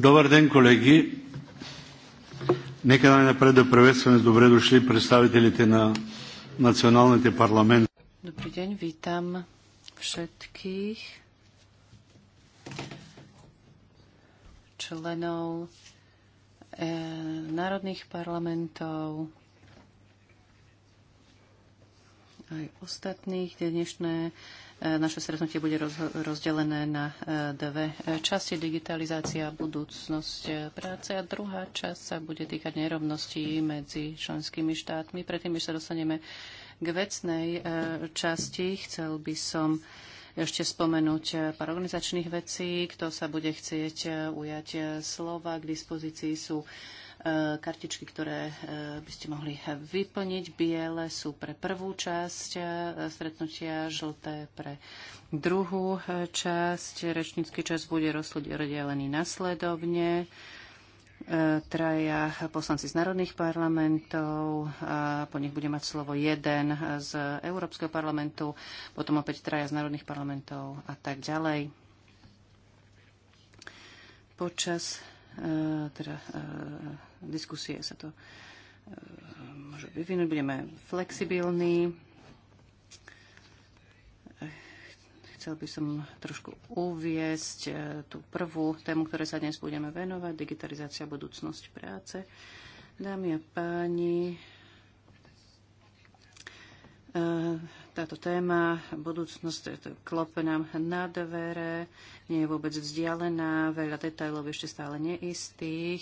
Добър ден, колеги! Нека най-напред да приветстваме с добре дошли представителите на националните парламенти. Dobrý deň, vítam všetkých členov e, národných parlamentov, aj ostatných. Dnešné naše stretnutie bude rozdelené na e, dve e, časti. Digitalizácia a budúcnosť e, práce. A druhá časť sa bude týkať nerovností medzi členskými štátmi. Predtým, než sa dostaneme k vecnej časti, chcel by som ešte spomenúť pár organizačných vecí. Kto sa bude chcieť ujať slova, k dispozícii sú E, kartičky, ktoré e, by ste mohli vyplniť. Biele sú pre prvú časť e, stretnutia, žlté pre druhú časť. Rečnícky čas bude rozdelený nasledovne traja poslanci z národných parlamentov, a po nich bude mať slovo jeden z Európskeho parlamentu, potom opäť traja z národných parlamentov a tak ďalej. Počas E, teda e, diskusie sa to e, môže vyvinúť. Budeme flexibilní. Chcel by som trošku uviesť tú prvú tému, ktoré sa dnes budeme venovať, digitalizácia budúcnosť práce. Dámy a páni, táto téma, budúcnosť e, klope nám na dvere, nie je vôbec vzdialená, veľa detajlov ešte stále neistých.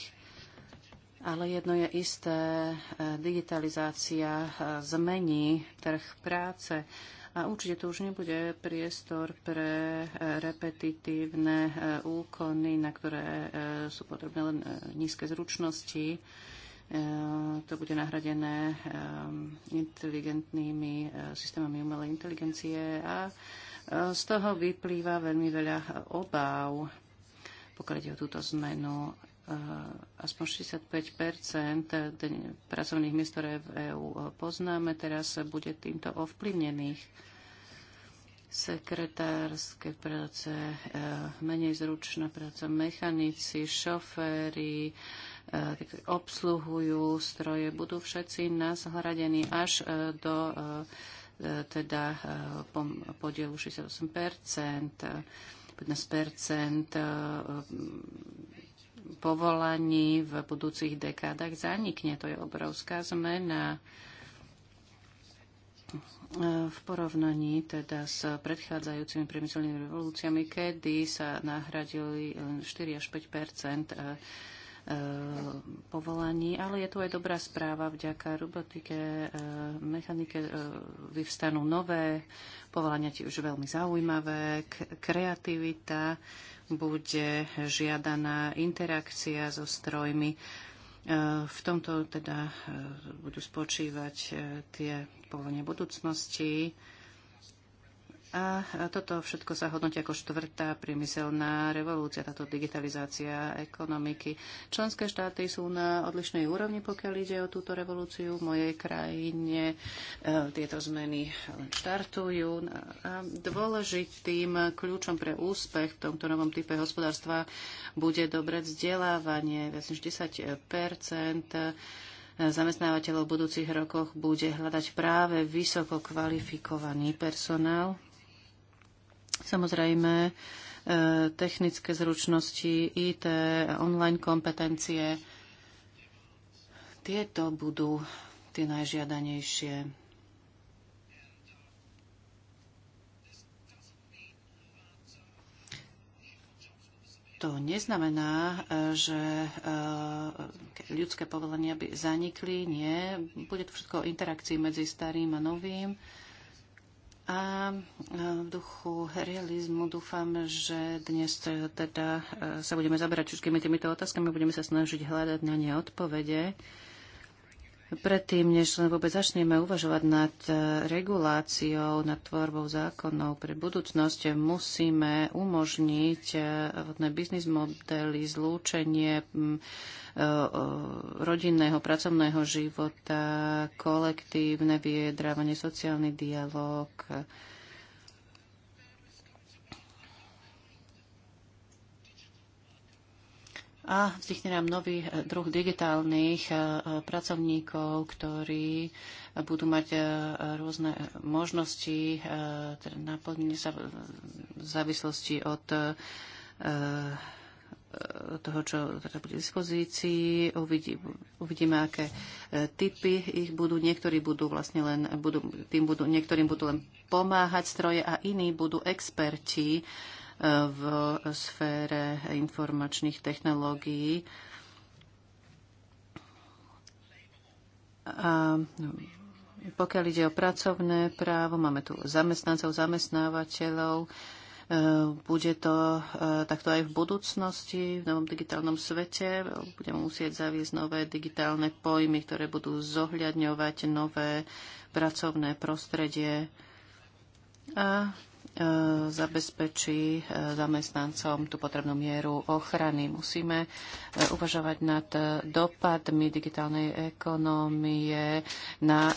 Ale jedno je isté, e, digitalizácia e, zmení trh práce a určite to už nebude priestor pre repetitívne úkony, na ktoré sú potrebné len nízke zručnosti. E, to bude nahradené e, inteligentnými e, systémami umelej inteligencie a z toho vyplýva veľmi veľa obáv, pokiaľ ide o túto zmenu. Aspoň 65 pracovných miest, ktoré v EÚ poznáme, teraz bude týmto ovplyvnených sekretárske práce, menej zručná práca, mechanici, šoféry, obsluhujú stroje, budú všetci nazhradení až e, do e, e, teda podielu 68 15 povolaní v budúcich dekádach zanikne. To je obrovská zmena v porovnaní teda s predchádzajúcimi priemyselnými revolúciami, kedy sa nahradili 4 až 5 Eh, povolaní, ale je tu aj dobrá správa. Vďaka robotike, eh, mechanike eh, vyvstanú nové povolania, tiež veľmi zaujímavé. kreativita bude žiadaná interakcia so strojmi. V tomto teda budú spočívať tie povolenia budúcnosti. A toto všetko sa hodnotí ako štvrtá priemyselná revolúcia, táto digitalizácia ekonomiky. Členské štáty sú na odlišnej úrovni, pokiaľ ide o túto revolúciu. V mojej krajine e, tieto zmeny štartujú. A dôležitým kľúčom pre úspech v tomto novom type hospodárstva bude dobré vzdelávanie. Viac 10 zamestnávateľov v budúcich rokoch bude hľadať práve vysoko kvalifikovaný personál Samozrejme, e, technické zručnosti, IT, online kompetencie, tieto budú tie najžiadanejšie. To neznamená, e, že e, ľudské povolenia by zanikli. Nie, bude to všetko o interakcii medzi starým a novým. A v duchu realizmu dúfam, že dnes teda e, sa budeme zaberať všetkými týmito otázkami, budeme sa snažiť hľadať na ne odpovede. Predtým, než len vôbec začneme uvažovať nad e, reguláciou, nad tvorbou zákonov pre budúcnosť, musíme umožniť e, vodné biznis modely, zlúčenie e, rodinného, pracovného života, kolektívne vyjedrávanie, sociálny dialog, a vznikne nám nový eh, druh digitálnych eh, eh, pracovníkov, ktorí budú mať rôzne možnosti teda naplnenie sa v závislosti od toho, čo teda bude v dispozícii. Uvidí, uvidíme, aké typy ich budú. Niektorí budú vlastne len, budú, tým budú, niektorým budú len pomáhať stroje a iní budú experti v sfére informačných technológií. A pokiaľ ide o pracovné právo, máme tu zamestnancov, zamestnávateľov. E, bude to e, takto aj v budúcnosti, v novom digitálnom svete. Budeme musieť zaviesť nové digitálne pojmy, ktoré budú zohľadňovať nové pracovné prostredie. A E, zabezpečí e, zamestnancom tú potrebnú mieru ochrany. Musíme e, uvažovať nad dopadmi digitálnej ekonomie na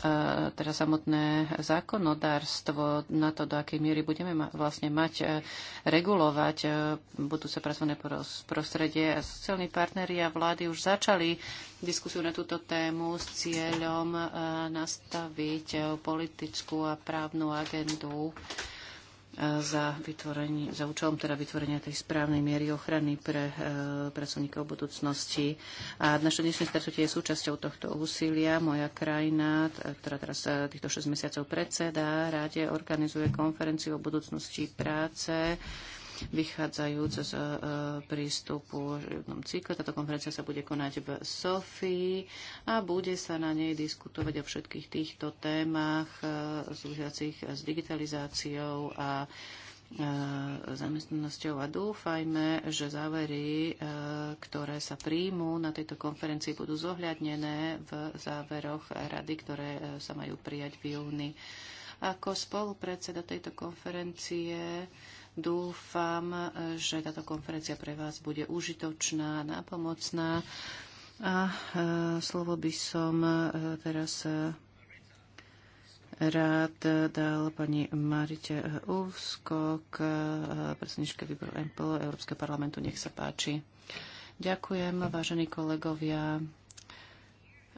teda samotné zákonodárstvo, na to, do akej miery budeme ma, vlastne mať regulovať budúce pracovné prostredie. Sociálni partneri a vlády už začali diskusiu na túto tému s cieľom nastaviť politickú a právnu agendu za, za účelom teda vytvorenia tej správnej miery ochrany pre e, pracovníkov budúcnosti. A naše dnešné stretnutie je súčasťou tohto úsilia. Moja krajina, ktorá teda teraz e, týchto 6 mesiacov predseda, ráde organizuje konferenciu o budúcnosti práce vychádzajúc z e, e, prístupu v cykle. Táto konferencia sa bude konať v Sofii a bude sa na nej diskutovať o všetkých týchto témach e, súvisiacich s digitalizáciou a zamestnanosťou a dúfajme, že závery, ktoré sa príjmú na tejto konferencii, budú zohľadnené v záveroch rady, ktoré sa majú prijať v júni. Ako spolupredseda tejto konferencie Dúfam, že táto konferencia pre vás bude užitočná, nápomocná. A e, slovo by som e, teraz e, rád dal pani Marite Úvskok, predsedničke výboru MPL Európskeho parlamentu. Nech sa páči. Ďakujem, vážení kolegovia.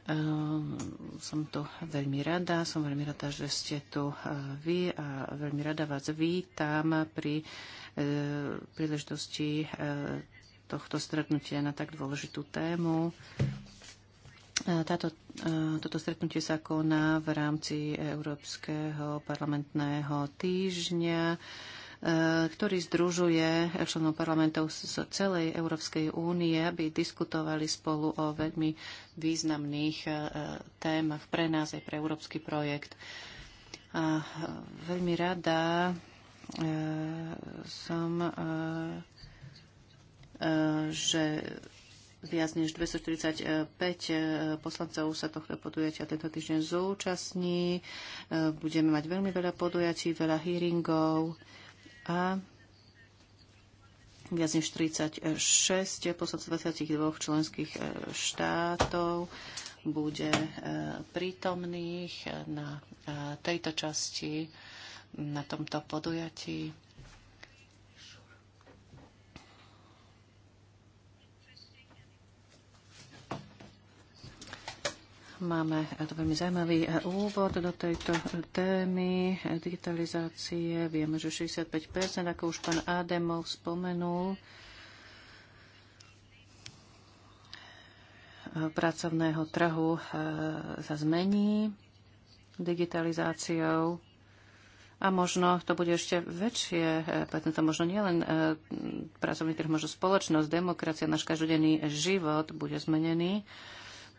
Ehm, som tu veľmi rada, som veľmi rada, že ste tu eh, vy a veľmi rada vás vítam pri eh, príležitosti eh, tohto stretnutia na tak dôležitú tému. Táto, toto stretnutie sa koná v rámci Európskeho parlamentného týždňa Eh, ktorý združuje členov parlamentov z celej Európskej únie, aby diskutovali spolu o veľmi významných eh, témach pre nás aj pre európsky projekt. A eh, veľmi rada som, že viac než 245 poslancov sa tohto podujatia tento týždeň zúčastní. Budeme mať veľmi veľa podujatí, veľa hearingov a viac než 36 poslancov 22 členských e, štátov bude e, prítomných na e, tejto časti, na tomto podujatí. Máme to veľmi zaujímavý e, úvod do tejto e, témy e, digitalizácie. Vieme, že 65%, ako už pán Ademov spomenul, pracovného trhu sa zmení digitalizáciou a možno to bude ešte väčšie, preto to možno nielen pracovný trh, možno spoločnosť, demokracia, náš každodenný život bude zmenený.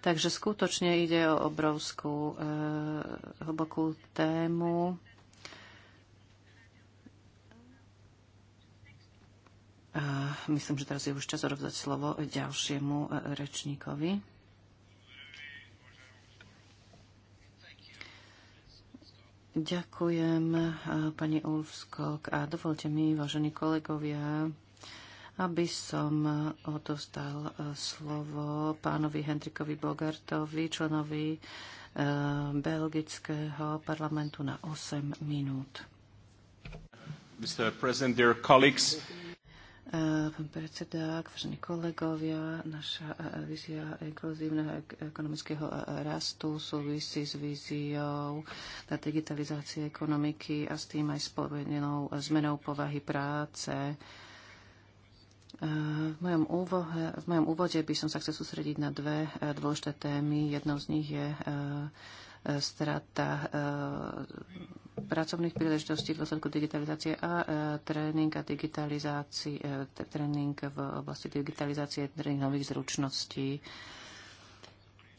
Takže skutočne ide o obrovskú, e, hlbokú tému. A myslím, že teraz je už čas odovzdať slovo ďalšiemu eh, rečníkovi. Ďakujem, eh, pani Ulfskok. A dovolte mi, vážení kolegovia, aby som e, odostal e, slovo pánovi Hendrikovi Bogartovi, členovi e, belgického parlamentu na 8 minút. Mr. President, dear colleagues, Pán predseda, vážení kolegovia, naša vízia inkluzívneho ekonomického rastu súvisí s víziou na digitalizácie ekonomiky a s tým aj spojenou zmenou povahy práce. Eh, v mojom, úvohe, v mojom úvode by som sa chcel sústrediť na dve eh, dôležité témy. Jednou z nich je eh, strata pracovných príležitostí v dôsledku digitalizácie a tréning a digitalizácii, tréning v oblasti digitalizácie, tréning nových zručností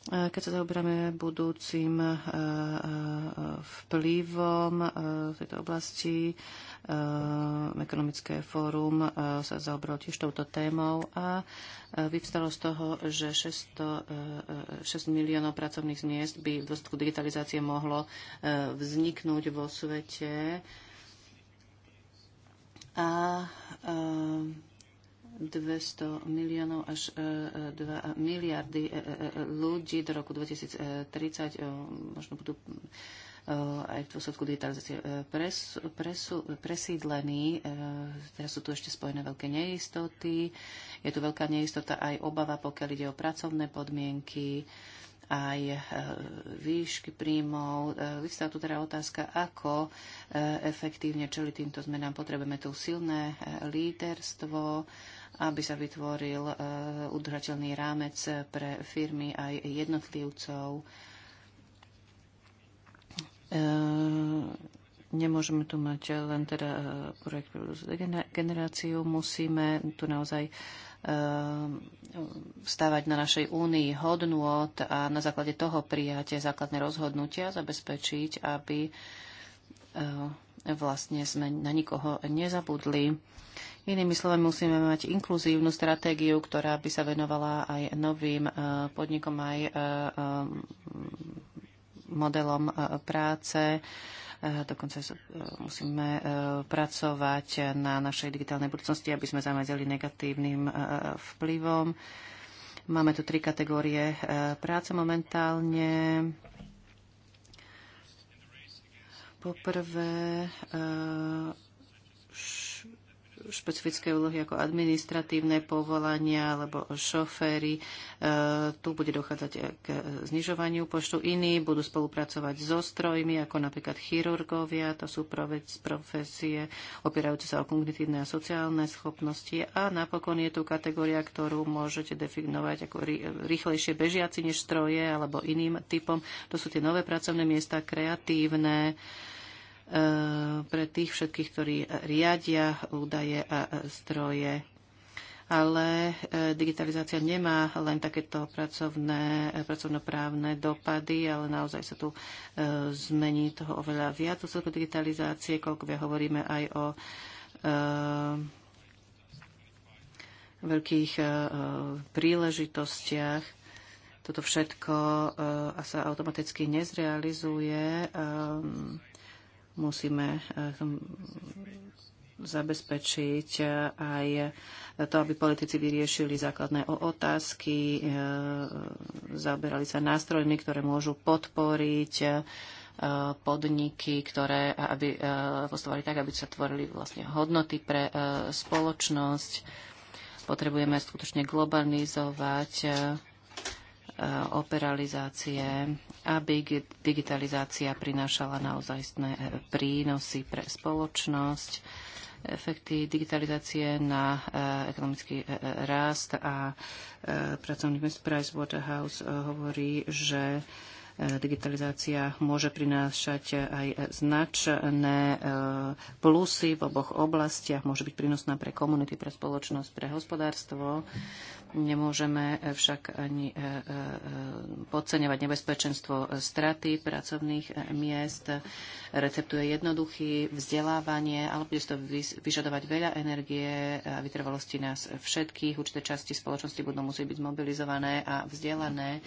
keď sa zaoberáme budúcim e, e, vplyvom e, v tejto oblasti, ekonomické fórum sa zaoberalo tiež touto témou a vyvstalo z toho, že 600, 6 miliónov pracovných miest by v dôsledku digitalizácie mohlo vzniknúť vo svete. A, a 200 miliónov až 2 e, e, miliardy e, ľudí do roku 2030 možno budú aj v dôsledku digitalizácie presídlení. Teraz sú tu ešte spojené veľké neistoty. Je tu veľká neistota aj obava, pokiaľ ide o pracovné podmienky, aj výšky príjmov. Vystá tu teda otázka, ako efektívne čeli týmto zmenám. Potrebujeme tu silné líderstvo, aby sa vytvoril eh, udržateľný rámec pre firmy aj jednotlivcov. Eh, nemôžeme tu mať len teda eh, projekt generáciu, musíme tu naozaj stávať na našej únii hodnôt a na základe toho prijať základné rozhodnutia, zabezpečiť, aby vlastne sme na nikoho nezabudli. Inými slovami, musíme mať inkluzívnu stratégiu, ktorá by sa venovala aj novým e, podnikom, aj e, e, modelom práce. Dokonca musíme pracovať na našej digitálnej budúcnosti, aby sme zamedzili negatívnym vplyvom. Máme tu tri kategórie práce momentálne. Poprvé, špecifické úlohy ako administratívne povolania alebo šoféry. E, tu bude dochádzať k znižovaniu počtu iní, budú spolupracovať so strojmi, ako napríklad chirurgovia, to sú profesie opierajúce sa o kognitívne a sociálne schopnosti. A napokon je tu kategória, ktorú môžete definovať ako rýchlejšie bežiaci než stroje alebo iným typom. To sú tie nové pracovné miesta, kreatívne, Eh, pre tých všetkých, ktorí riadia údaje a zdroje. Ale eh, digitalizácia nemá len takéto pracovné, eh, pracovnoprávne dopady, ale naozaj sa tu zmení toho oveľa viac o digitalizácie, koľko hovoríme aj o veľkých príležitostiach. Toto všetko sa automaticky nezrealizuje. Ehm, Musíme eh, zabezpečiť eh, aj to, aby politici vyriešili základné otázky, eh, zaoberali sa nástrojmi, ktoré môžu podporiť podniky, ktoré aby postovali tak, aby sa tvorili vlastne hodnoty pre spoločnosť. Potrebujeme skutočne globalizovať operalizácie, aby digitalizácia prinášala naozaj e, prínosy pre spoločnosť, efekty digitalizácie na e, ekonomický e, rast a pracovný Price Waterhouse hovorí, že digitalizácia môže prinášať aj značné plusy v oboch oblastiach, môže byť prínosná pre komunity, pre spoločnosť, pre hospodárstvo. Nemôžeme eh, však ani eh, eh, podceňovať nebezpečenstvo straty pracovných miest. Recept je jednoduchý, vzdelávanie, ale bude to vyžadovať veľa energie a vytrvalosti nás všetkých. Určité časti spoločnosti budú musieť byť zmobilizované a vzdelané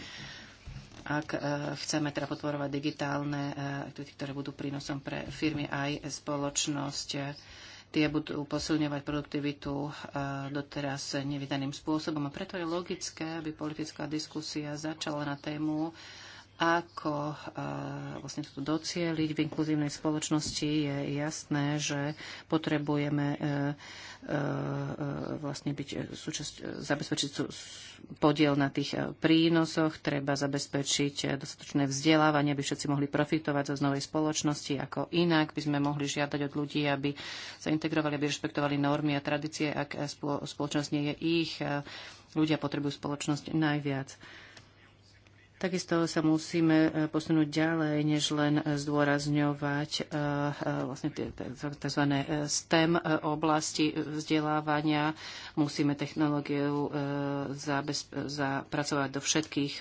ak chceme teda podporovať digitálne aktivity, ktoré budú prínosom pre firmy aj spoločnosť Tie budú posilňovať produktivitu e, doteraz nevydaným spôsobom. A preto je logické, aby politická diskusia začala na tému ako eh, vlastne toto docieliť v inkluzívnej spoločnosti, je jasné, že potrebujeme eh, eh, vlastne byť súčasť, zabezpečiť podiel na tých prínosoch, treba zabezpečiť dostatočné vzdelávanie, aby všetci mohli profitovať zo novej spoločnosti, ako inak by sme mohli žiadať od ľudí, aby sa integrovali, aby rešpektovali normy a tradície, ak spoločnosť nie je ich. Ľudia potrebujú spoločnosť najviac. Takisto sa musíme e, posunúť ďalej, než len e, zdôrazňovať e, vlastne tie tzv. STEM oblasti vzdelávania. Musíme technológiu zapracovať do všetkých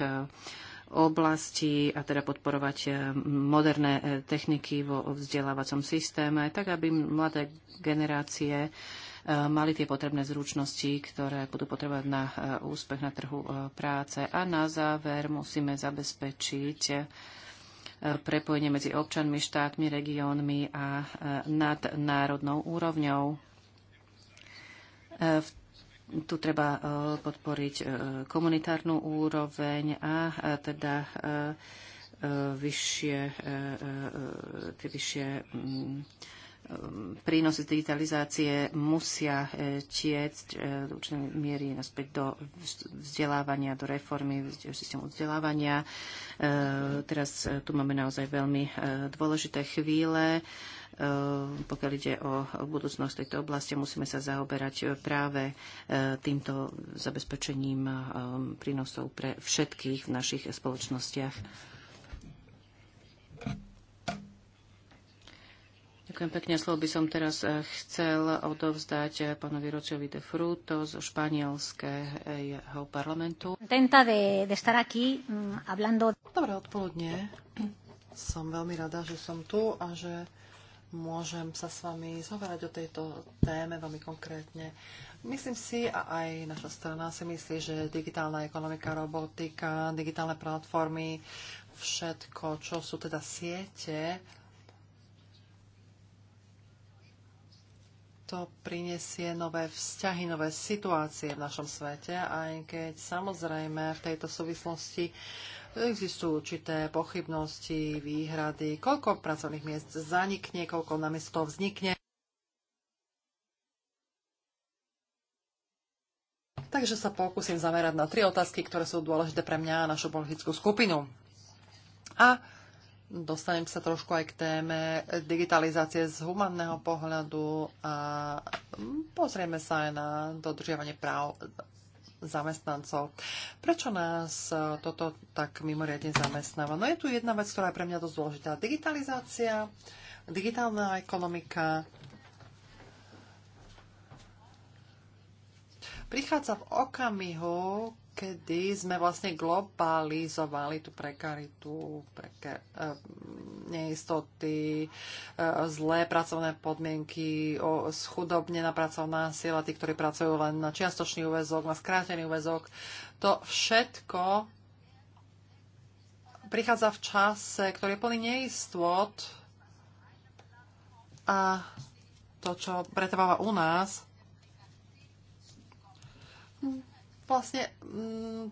oblasti a teda podporovať eh, moderné eh, techniky vo vzdelávacom systéme, tak aby mladé generácie eh, mali tie potrebné zručnosti, ktoré budú potrebovať na úspech na trhu práce. A na záver musíme zabezpečiť prepojenie medzi občanmi, štátmi, regiónmi a nadnárodnou úrovňou. V tu treba e, podporiť e, komunitárnu úroveň a teda e, vyššie, tie vyššie mm, prínosy digitalizácie musia tiecť do určitej miery naspäť do vzdelávania, do reformy systému vzdelávania. Teraz tu máme naozaj veľmi dôležité chvíle Eh, pokiaľ ide o budúcnosť tejto oblasti, musíme sa zaoberať eh, práve eh, týmto zabezpečením prínosov pre všetkých v našich spoločnostiach. Ďakujem pekne. Slovo by som teraz chcel odovzdať pánovi Ročovi de Fruto zo španielského parlamentu. Mm, Dobré odpoludne. Som veľmi rada, že som tu a že môžem sa s vami zhovárať o tejto téme veľmi konkrétne. Myslím si, a aj naša strana si myslí, že digitálna ekonomika, robotika, digitálne platformy, všetko, čo sú teda siete, to prinesie nové vzťahy, nové situácie v našom svete, aj keď samozrejme v tejto súvislosti Existujú určité pochybnosti, výhrady, koľko pracovných miest zanikne, koľko namiesto vznikne. Takže sa pokúsim zamerať na tri otázky, ktoré sú dôležité pre mňa a našu politickú skupinu. A dostanem sa trošku aj k téme digitalizácie z humanného pohľadu a pozrieme sa aj na dodržiavanie práv zamestnancov. Prečo nás e, toto tak mimoriadne zamestnáva? No je tu jedna vec, ktorá je pre mňa dosť dôležitá. Digitalizácia, digitálna ekonomika, prichádza v okamihu, kedy sme vlastne globalizovali tú prekaritu, preke, eh, neistoty, eh, zlé pracovné podmienky, schudobnená pracovná sila, tí, ktorí pracujú len na čiastočný úvezok, na skrátený úvezok. To všetko prichádza v čase, ktorý je plný neistot. a to, čo pretrváva u nás, vlastne mm,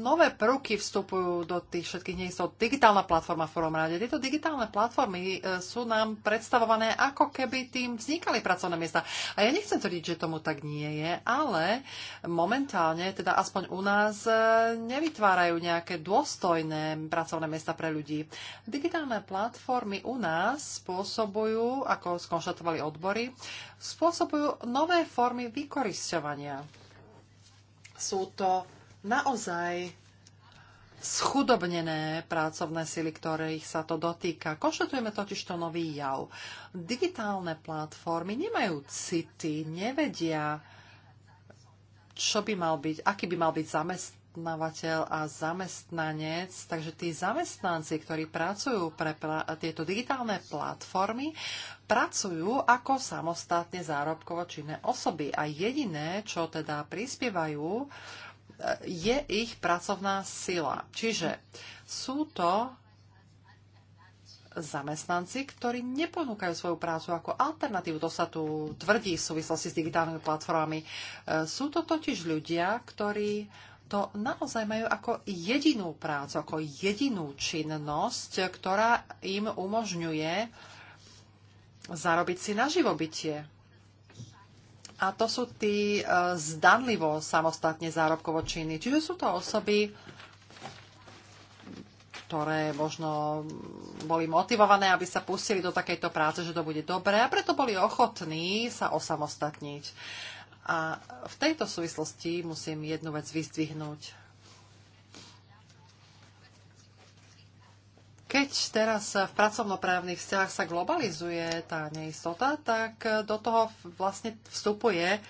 nové prvky vstupujú do tých všetkých neistot. Digitálna platforma v prvom rade. Tieto digitálne platformy e, sú nám predstavované, ako keby tým vznikali pracovné miesta. A ja nechcem tvrdiť, že tomu tak nie je, ale momentálne, teda aspoň u nás, e, nevytvárajú nejaké dôstojné pracovné miesta pre ľudí. Digitálne platformy u nás spôsobujú, ako skonštatovali odbory, spôsobujú nové formy vykorisťovania sú to naozaj schudobnené pracovné sily, ktorých sa to dotýka. Košetujeme totiž to nový jav. Digitálne platformy nemajú city, nevedia, čo by mal byť, aký by mal byť zamest- zamestnávateľ a zamestnanec. Takže tí zamestnanci, ktorí pracujú pre tieto digitálne platformy, pracujú ako samostatne zárobkovo činné osoby. A jediné, čo teda prispievajú, e, je ich pracovná sila. Čiže sú to zamestnanci, ktorí neponúkajú svoju prácu ako alternatívu. To sa tu tvrdí v súvislosti s digitálnymi platformami. E, sú to totiž ľudia, ktorí to naozaj majú ako jedinú prácu, ako jedinú činnosť, ktorá im umožňuje zarobiť si na živobytie. A to sú tí e, zdanlivo samostatne zárobkovo činy. Čiže sú to osoby, ktoré možno boli motivované, aby sa pustili do takejto práce, že to bude dobré a preto boli ochotní sa osamostatniť. A v tejto súvislosti musím jednu vec vyzdvihnúť. Keď teraz v pracovnoprávnych vzťahoch sa globalizuje tá neistota, tak do toho vlastne vstupuje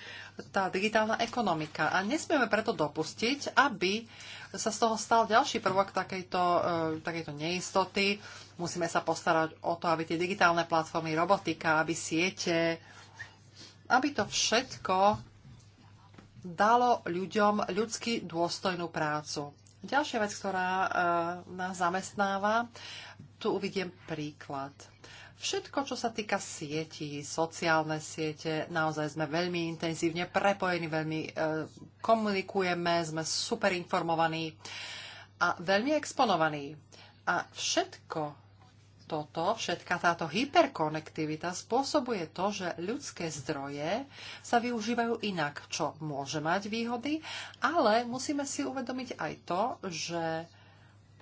tá digitálna ekonomika. A nesmieme preto dopustiť, aby sa z toho stal ďalší prvok takejto, e, takejto neistoty. Musíme sa postarať o to, aby tie digitálne platformy, robotika, aby siete, aby to všetko dalo ľuďom ľudsky dôstojnú prácu. Ďalšia vec, ktorá e, nás zamestnáva, tu uvidím príklad. Všetko, čo sa týka sietí, sociálne siete, naozaj sme veľmi intenzívne prepojení, veľmi e, komunikujeme, sme super informovaní a veľmi exponovaní. A všetko, toto, všetka táto hyperkonektivita spôsobuje to, že ľudské zdroje sa využívajú inak, čo môže mať výhody, ale musíme si uvedomiť aj to, že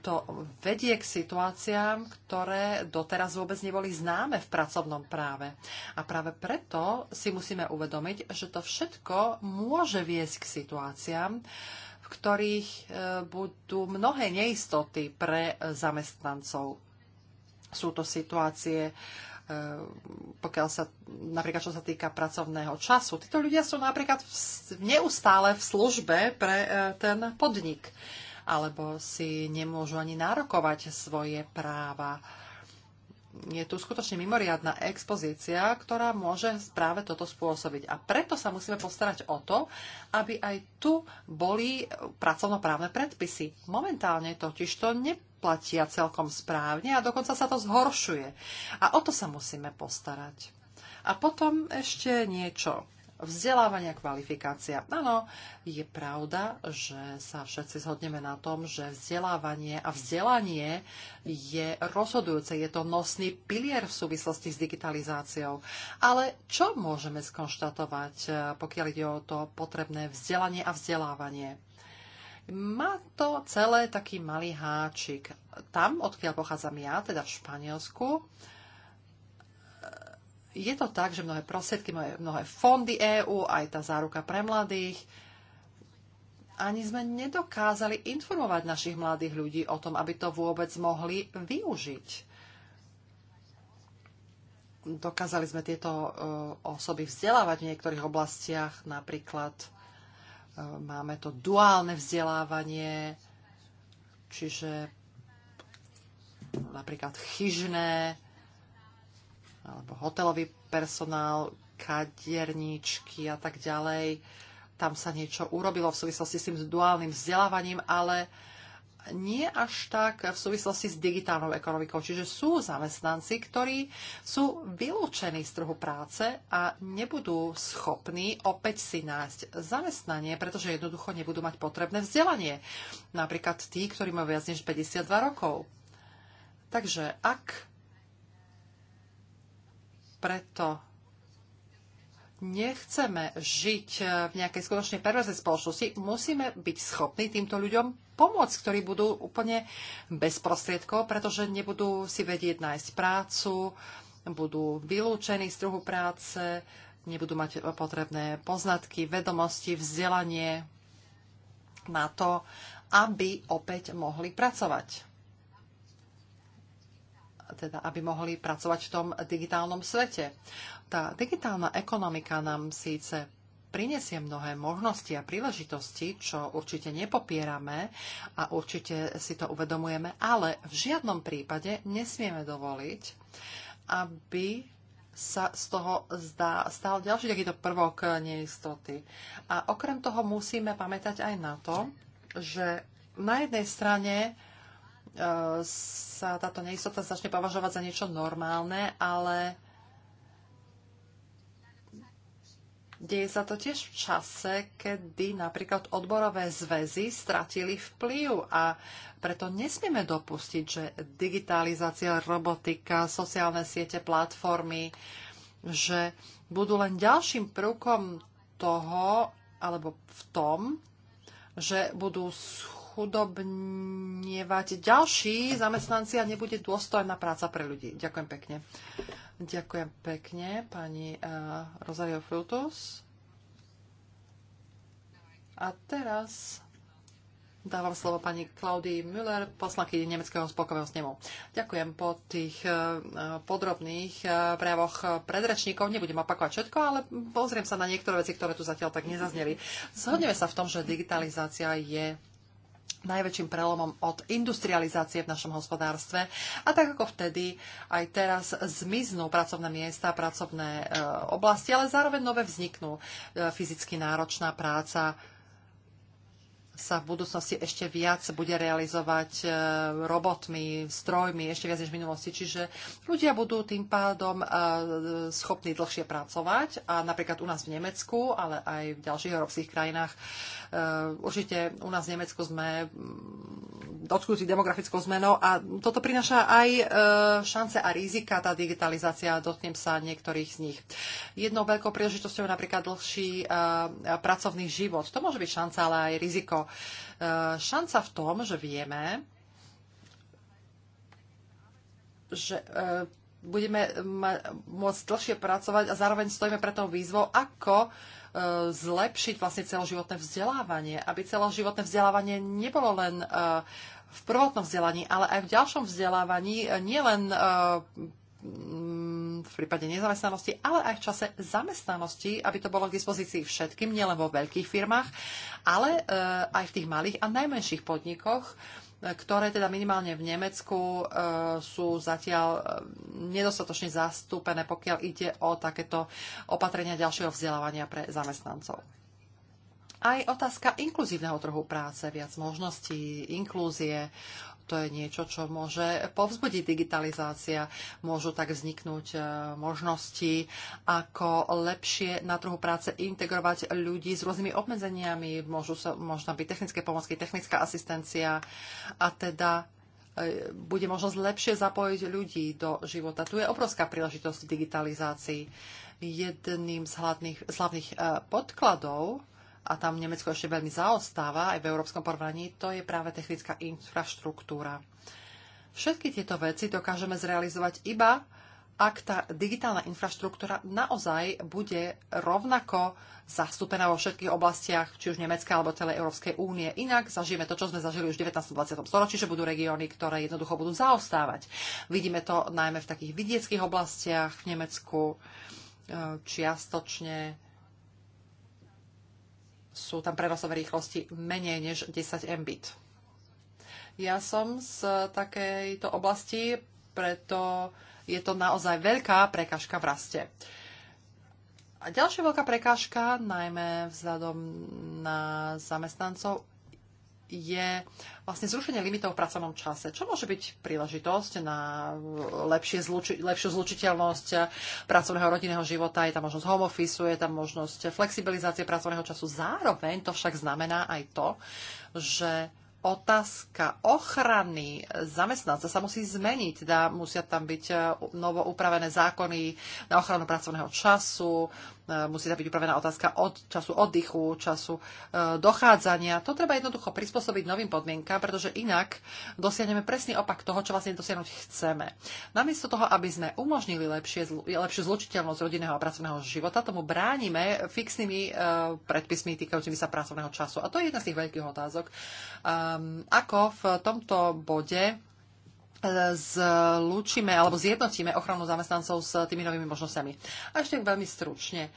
to vedie k situáciám, ktoré doteraz vôbec neboli známe v pracovnom práve. A práve preto si musíme uvedomiť, že to všetko môže viesť k situáciám, v ktorých e, budú mnohé neistoty pre zamestnancov sú to situácie, e, pokiaľ sa napríklad čo sa týka pracovného času. Títo ľudia sú napríklad v, neustále v službe pre e, ten podnik alebo si nemôžu ani nárokovať svoje práva. Je tu skutočne mimoriadná expozícia, ktorá môže práve toto spôsobiť. A preto sa musíme postarať o to, aby aj tu boli pracovnoprávne predpisy. Momentálne totiž to ne neplatia celkom správne a dokonca sa to zhoršuje. A o to sa musíme postarať. A potom ešte niečo. Vzdelávanie a kvalifikácia. Áno, je pravda, že sa všetci zhodneme na tom, že vzdelávanie a vzdelanie je rozhodujúce, je to nosný pilier v súvislosti s digitalizáciou. Ale čo môžeme skonštatovať, eh, pokiaľ ide o to potrebné vzdelanie a vzdelávanie? Má to celé taký malý háčik. Tam, odkiaľ pochádzam ja, teda v Španielsku, eh, je to tak, že mnohé prostriedky, mnohé, mnohé fondy EÚ, aj tá záruka pre mladých, ani sme nedokázali informovať našich mladých ľudí o tom, aby to vôbec mohli využiť. Dokázali sme tieto uh, osoby vzdelávať v niektorých oblastiach, napríklad Eh, máme to duálne vzdelávanie, čiže napríklad chyžné alebo hotelový personál, kadierníčky a tak ďalej. Tam sa niečo urobilo v súvislosti s tým duálnym vzdelávaním, ale nie až tak v súvislosti s digitálnou ekonomikou. Čiže sú zamestnanci, ktorí sú vylúčení z trhu práce a nebudú schopní opäť si nájsť zamestnanie, pretože jednoducho nebudú mať potrebné vzdelanie. Napríklad tí, ktorí majú viac než 52 rokov. Takže ak preto nechceme žiť v nejakej skutočne perverznej spoločnosti, musíme byť schopní týmto ľuďom pomoc, ktorí budú úplne bez prostriedkov, pretože nebudú si vedieť nájsť prácu, budú vylúčení z trhu práce, nebudú mať potrebné poznatky, vedomosti, vzdelanie na to, aby opäť mohli pracovať. Teda, aby mohli pracovať v tom digitálnom svete. Tá digitálna ekonomika nám síce prinesie mnohé možnosti a príležitosti, čo určite nepopierame a určite si to uvedomujeme, ale v žiadnom prípade nesmieme dovoliť, aby sa z toho zdá, stal ďalší takýto prvok neistoty. A okrem toho musíme pamätať aj na to, že na jednej strane e, sa táto neistota začne považovať za niečo normálne, ale Deje sa to tiež v čase, kedy napríklad odborové zväzy stratili vplyv a preto nesmieme dopustiť, že digitalizácia, robotika, sociálne siete, platformy, že budú len ďalším prvkom toho, alebo v tom, že budú schudobnievať ďalší zamestnanci a nebude dôstojná práca pre ľudí. Ďakujem pekne. Ďakujem pekne, pani uh, Rosario Frutus. A teraz dávam slovo pani Klaudii Müller, poslanky Nemeckého spolkového snemu. Ďakujem po tých uh, podrobných uh, prejavoch predrečníkov. Nebudem opakovať všetko, ale pozriem sa na niektoré veci, ktoré tu zatiaľ tak nezazneli. Zhodneme sa v tom, že digitalizácia je najväčším prelomom od industrializácie v našom hospodárstve. A tak ako vtedy, aj teraz zmiznú pracovné miesta, pracovné e, oblasti, ale zároveň nové vzniknú. E, fyzicky náročná práca sa v budúcnosti ešte viac bude realizovať e, robotmi, strojmi, ešte viac než v minulosti. Čiže ľudia budú tým pádom e, schopní dlhšie pracovať a napríklad u nás v Nemecku, ale aj v ďalších európskych krajinách. E, určite u nás v Nemecku sme mm, dotknutí demografickou zmenou a toto prináša aj šance a rizika tá digitalizácia, dotknem sa niektorých z nich. Jednou veľkou príležitosťou je napríklad dlhší pracovný život. To môže byť šanca, ale aj riziko. Šanca v tom, že vieme, že e, budeme môcť dlhšie pracovať a zároveň stojíme pre tou výzvou, ako e, zlepšiť vlastne celoživotné vzdelávanie, aby celoživotné vzdelávanie nebolo len e, v prvotnom vzdelaní, ale aj v ďalšom vzdelávaní, nielen v prípade nezamestnanosti, ale aj v čase zamestnanosti, aby to bolo k dispozícii všetkým, nielen vo veľkých firmách, ale eh, aj v tých malých a najmenších podnikoch, eh, ktoré teda minimálne v Nemecku e, sú zatiaľ nedostatočne zastúpené, pokiaľ ide o takéto opatrenia ďalšieho vzdelávania pre zamestnancov aj otázka inkluzívneho trhu práce, viac možností, inklúzie. To je niečo, čo môže povzbudiť digitalizácia. Môžu tak vzniknúť e, možnosti, ako lepšie na trhu práce integrovať ľudí s rôznymi obmedzeniami. Môžu sa, možno byť technické pomocky, technická asistencia a teda e, bude možnosť lepšie zapojiť ľudí do života. Tu je obrovská príležitosť v digitalizácii. Jedným z hlavných, z hlavných e, podkladov a tam Nemecko ešte veľmi zaostáva aj v európskom porovnaní, to je práve technická infraštruktúra. Všetky tieto veci dokážeme zrealizovať iba, ak tá digitálna infraštruktúra naozaj bude rovnako zastúpená vo všetkých oblastiach, či už Nemecka alebo celej Európskej únie. Inak zažijeme to, čo sme zažili už v 19. 20. storočí, že budú regióny, ktoré jednoducho budú zaostávať. Vidíme to najmä v takých vidieckých oblastiach v Nemecku, e, čiastočne sú tam prenosové rýchlosti menej než 10 Mbit. Ja som z takejto oblasti, preto je to naozaj veľká prekážka v raste. A ďalšia veľká prekážka, najmä vzhľadom na zamestnancov, je vlastne zrušenie limitov v pracovnom čase, čo môže byť príležitosť na lepšie zluči- lepšiu zlučiteľnosť pracovného rodinného života, je tam možnosť home office, je tam možnosť flexibilizácie pracovného času. Zároveň to však znamená aj to, že otázka ochrany zamestnanca sa musí zmeniť. Teda musia tam byť novo upravené zákony na ochranu pracovného času, E, musí tam byť upravená otázka od času oddychu, času e, dochádzania. To treba jednoducho prispôsobiť novým podmienkám, pretože inak dosiahneme presný opak toho, čo vlastne dosiahnuť chceme. Namiesto toho, aby sme umožnili lepšie, lepšiu zlučiteľnosť rodinného a pracovného života, tomu bránime fixnými e, predpismi týkajúcimi sa pracovného času. A to je jedna z tých veľkých otázok. Ehm, ako v tomto bode zlúčime alebo zjednotíme ochranu zamestnancov s tými novými možnosťami. A ešte veľmi stručne. E,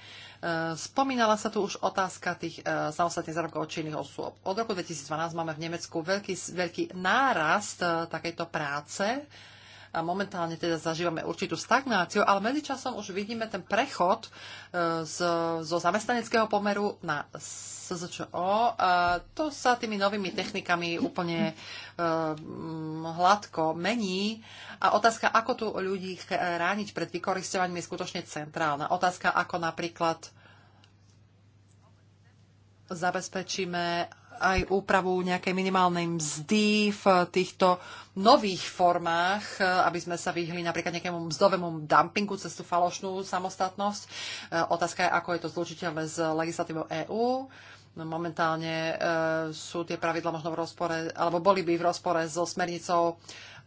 spomínala sa tu už otázka tých e, samostatne zárobkov od činných osôb. Od roku 2012 máme v Nemecku veľký, veľký nárast e, takejto práce a momentálne teda zažívame určitú stagnáciu, ale medzičasom už vidíme ten prechod e, z, zo zamestnaneckého pomeru na SZČO. A to sa tými novými technikami úplne e, hladko mení a otázka, ako tu ľudí e, rániť pred vykoristovaním je skutočne centrálna. Otázka, ako napríklad zabezpečíme aj úpravu nejakej minimálnej mzdy v týchto nových formách, eh, aby sme sa vyhli napríklad nejakému mzdovému dumpingu cez tú falošnú samostatnosť. Eh, otázka je, ako je to zlučiteľné s legislatívou EÚ. No, momentálne eh, sú tie pravidla možno v rozpore, alebo boli by v rozpore so smernicou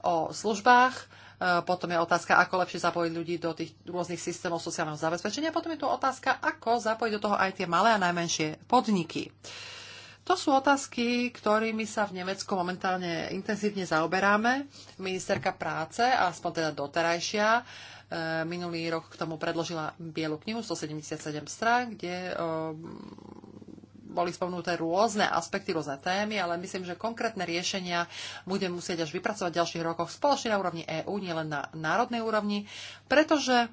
o službách. Potom je otázka, ako lepšie zapojiť ľudí do tých rôznych systémov sociálneho zabezpečenia. Potom je tu otázka, ako zapojiť do toho aj tie malé a najmenšie podniky. Uh, to sú otázky, ktorými sa v Nemecku momentálne intenzívne zaoberáme. Ministerka práce, aspoň teda doterajšia, e, minulý rok k tomu predložila bielu knihu 177 strán, kde boli spomnuté rôzne aspekty, rôzne témy, ale myslím, že konkrétne riešenia budem musieť až vypracovať v ďalších rokoch spoločne na úrovni EÚ, nielen na národnej úrovni, pretože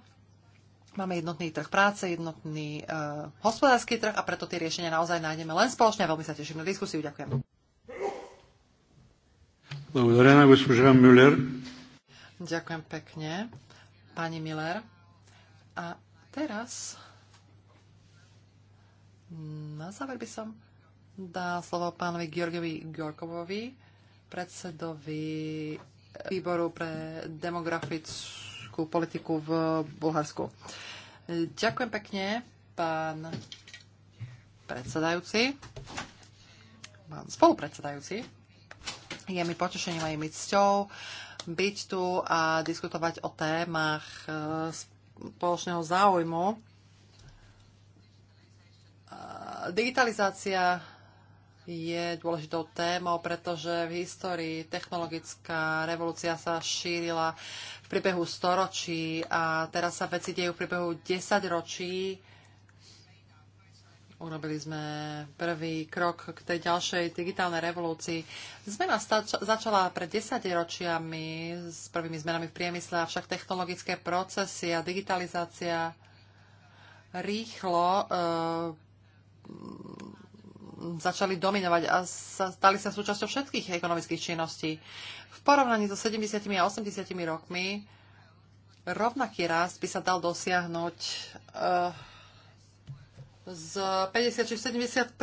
Máme jednotný trh práce, jednotný uh, hospodársky trh a preto tie riešenia naozaj nájdeme len spoločne a veľmi sa teším na diskusiu. Ďakujem. Ďakujem pekne, pani Miller. A teraz na záver by som dal slovo pánovi Georgovi Georgovovi, predsedovi výboru pre demografickú hospodárskú politiku v Bulharsku. Ďakujem pekne, pán predsedajúci, pán spolupredsedajúci. Je mi potešením a mi cťou byť tu a diskutovať o témach eh, spoločného záujmu. Eh, digitalizácia je dôležitou témou, pretože v histórii technologická revolúcia sa šírila v priebehu storočí a teraz sa veci dejú v priebehu desaťročí. Urobili sme prvý krok k tej ďalšej digitálnej revolúcii. Zmena začala pred desaťročiami s prvými zmenami v priemysle, avšak technologické procesy a digitalizácia rýchlo eh, začali dominovať a sa, stali sa súčasťou všetkých ekonomických činností. V porovnaní so 70 a 80 rokmi rovnaký rast by sa dal dosiahnuť uh, z 50 či 70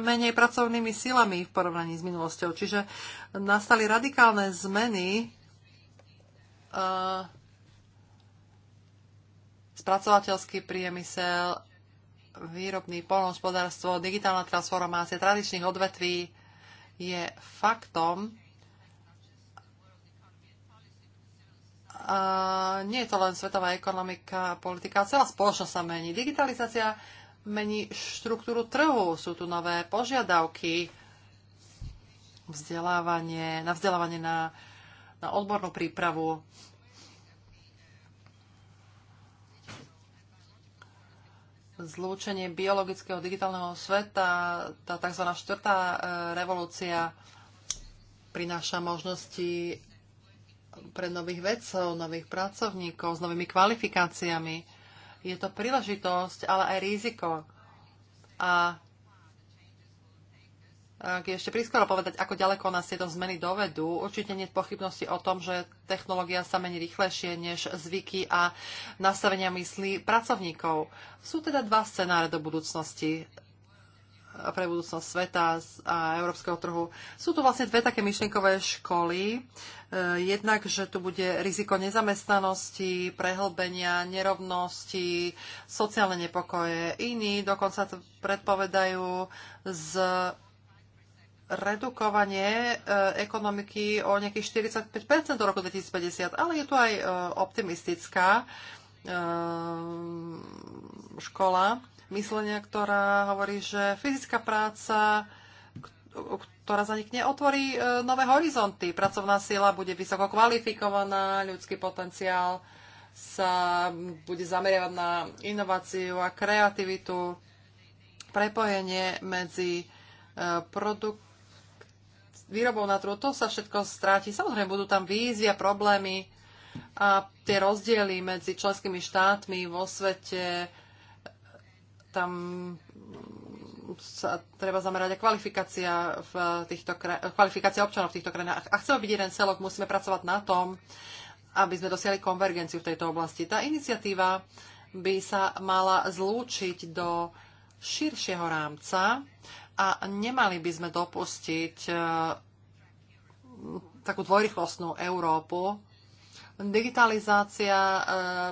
menej pracovnými silami v porovnaní s minulosťou. Čiže nastali radikálne zmeny uh, spracovateľský priemysel výrobný polnohospodárstvo, digitálna transformácia tradičných odvetví je faktom. A nie je to len svetová ekonomika, politika, celá spoločnosť sa mení. Digitalizácia mení štruktúru trhu, sú tu nové požiadavky vzdelávanie, na vzdelávanie na, na odbornú prípravu zlúčenie biologického digitálneho sveta, tá tzv. štvrtá e, revolúcia prináša možnosti pre nových vedcov, nových pracovníkov s novými kvalifikáciami. Je to príležitosť, ale aj riziko. A ak ešte prískoro povedať, ako ďaleko nás tieto zmeny dovedú. Určite nie je pochybnosti o tom, že technológia sa mení rýchlejšie než zvyky a nastavenia myslí pracovníkov. Sú teda dva scenáre do budúcnosti e, pre budúcnosť sveta a európskeho trhu. Sú tu vlastne dve také myšlienkové školy. E, jednak, že tu bude riziko nezamestnanosti, prehlbenia, nerovnosti, sociálne nepokoje. Iní dokonca predpovedajú z redukovanie e, ekonomiky o nejakých 45% do roku 2050, ale je tu aj e, optimistická e, škola myslenia, ktorá hovorí, že fyzická práca, ktorá zanikne, otvorí nové horizonty. Pracovná sila bude vysoko kvalifikovaná, ľudský potenciál sa bude zameriavať na inováciu a kreativitu, prepojenie medzi produktami výrobou na trhu, to sa všetko stráti. Samozrejme, budú tam výzvy a problémy a tie rozdiely medzi členskými štátmi vo svete, tam sa treba zamerať aj kvalifikácia, v týchto, kvalifikácia občanov v týchto krajinách. A chceme byť jeden celok, musíme pracovať na tom, aby sme dosiahli konvergenciu v tejto oblasti. Tá iniciatíva by sa mala zlúčiť do širšieho rámca a nemali by sme dopustiť e, takú dvojrychlostnú Európu. Digitalizácia e,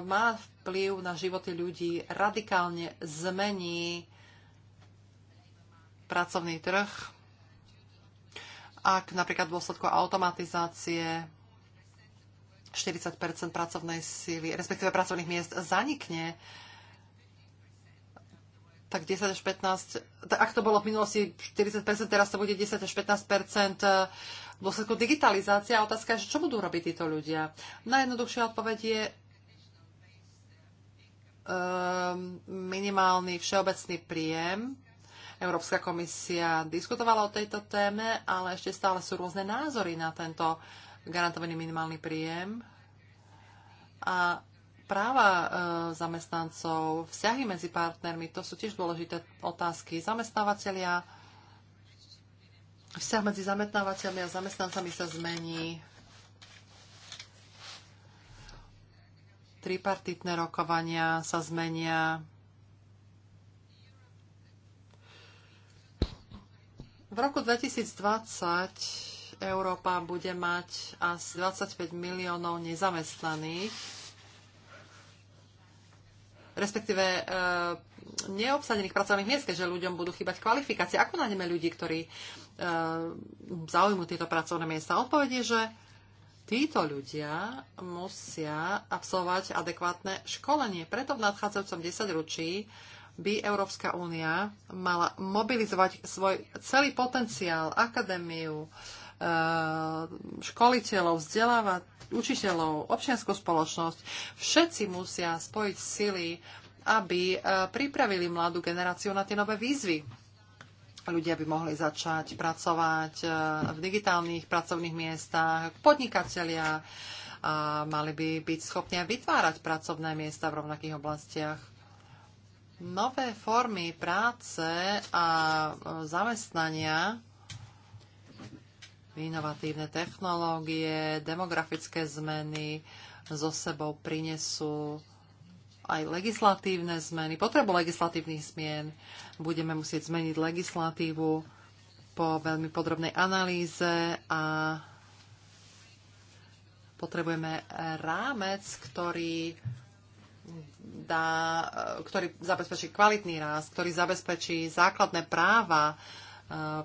má vplyv na životy ľudí, radikálne zmení pracovný trh, ak napríklad v dôsledku automatizácie 40 pracovnej síly, respektíve pracovných miest zanikne, tak 10 až 15, tak ak to bolo v minulosti 40%, teraz to bude 10 až 15% e, v dôsledku digitalizácie. A otázka je, čo budú robiť títo ľudia? Najjednoduchšia odpoveď je um, minimálny všeobecný príjem. Európska komisia diskutovala o tejto téme, ale ešte stále sú rôzne názory na tento garantovaný minimálny príjem. A práva e, zamestnancov, vzťahy medzi partnermi, to sú tiež dôležité otázky. Zamestnávateľia, vzťah medzi zamestnávateľmi a zamestnancami sa zmení. Tripartitné rokovania sa zmenia. V roku 2020 Európa bude mať asi 25 miliónov nezamestnaných respektíve eh, neobsadených pracovných miest, keďže ľuďom budú chýbať kvalifikácie. Ako nájdeme ľudí, ktorí eh, zaujímu tieto pracovné miesta? Odpoveď je, že títo ľudia musia absolvovať adekvátne školenie. Preto v nadchádzajúcom ročí by Európska únia mala mobilizovať svoj celý potenciál, akadémiu, uh, Eh, školiteľov, vzdelávať učiteľov, občianskú spoločnosť. Všetci musia spojiť sily, aby eh, pripravili mladú generáciu na tie nové výzvy. Ľudia by mohli začať pracovať eh, v digitálnych pracovných miestach, podnikatelia a mali by byť schopní vytvárať pracovné miesta v rovnakých oblastiach. Nové formy práce a zamestnania inovatívne technológie, demografické zmeny so sebou prinesú aj legislatívne zmeny, potrebu legislatívnych zmien. Budeme musieť zmeniť legislatívu po veľmi podrobnej analýze a potrebujeme rámec, ktorý dá, ktorý zabezpečí kvalitný rast, ktorý zabezpečí základné práva e,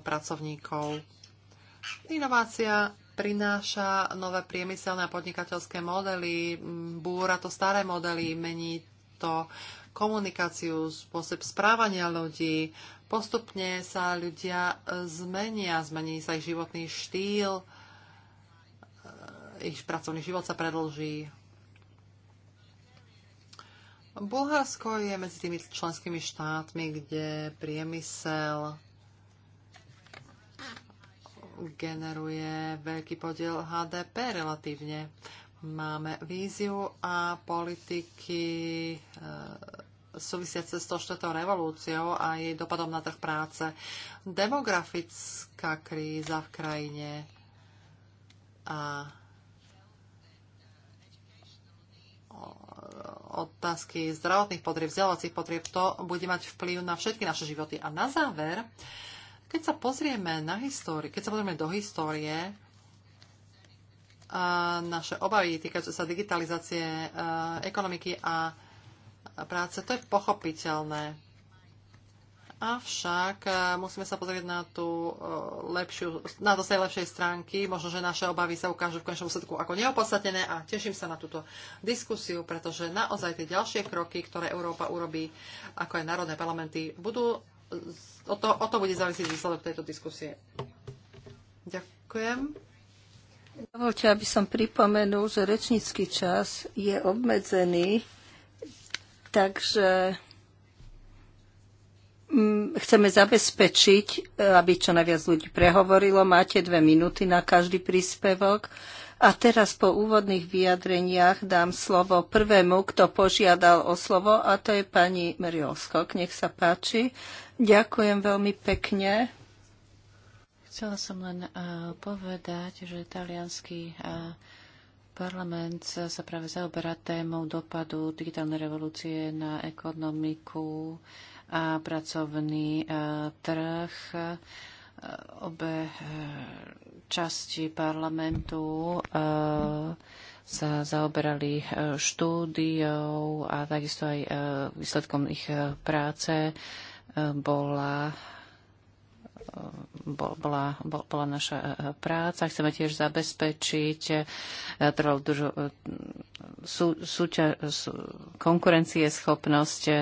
pracovníkov Inovácia prináša nové priemyselné a podnikateľské modely, búra to staré modely, mení to komunikáciu, spôsob správania ľudí. Postupne sa ľudia zmenia, zmení sa ich životný štýl, ich pracovný život sa predlží. Bulharsko je medzi tými členskými štátmi, kde priemysel generuje veľký podiel HDP relatívne. Máme víziu a politiky e, súvisiace s toštletou revolúciou a jej dopadom na trh práce. Demografická kríza v krajine a otázky zdravotných potrieb, vzdelávacích potrieb, to bude mať vplyv na všetky naše životy. A na záver, e, keď sa pozrieme na históriu, keď sa pozrieme do histórie, a naše obavy týkajúce sa digitalizácie ekonomiky a práce, to je pochopiteľné. Avšak musíme sa pozrieť na tú lepšiu, na to lepšej stránky. Možno, že naše obavy sa ukážu v konečnom úsledku ako neopodstatnené a teším sa na túto diskusiu, pretože naozaj tie ďalšie kroky, ktoré Európa urobí, ako aj národné parlamenty, budú o, to, o to bude závisieť výsledok tejto diskusie. Ďakujem. Dovolte, aby som pripomenul, že rečnícky čas je obmedzený, takže mm, chceme zabezpečiť, e, aby čo najviac ľudí prehovorilo. Máte dve minúty na každý príspevok. A teraz po úvodných vyjadreniach dám slovo prvému, kto požiadal o slovo, a to je pani Meriolskok. Nech sa páči. Ďakujem veľmi pekne. Chcela som len uh, povedať, že talianský uh, parlament sa, sa práve zaoberá témou dopadu digitálnej revolúcie na ekonomiku a pracovný uh, trh. Uh, obe uh, časti parlamentu uh, sa zaoberali štúdiou a takisto aj výsledkom ich práce bola bola, bola naša e, e, práca. Chceme tiež zabezpečiť e, trvalú sú, sú,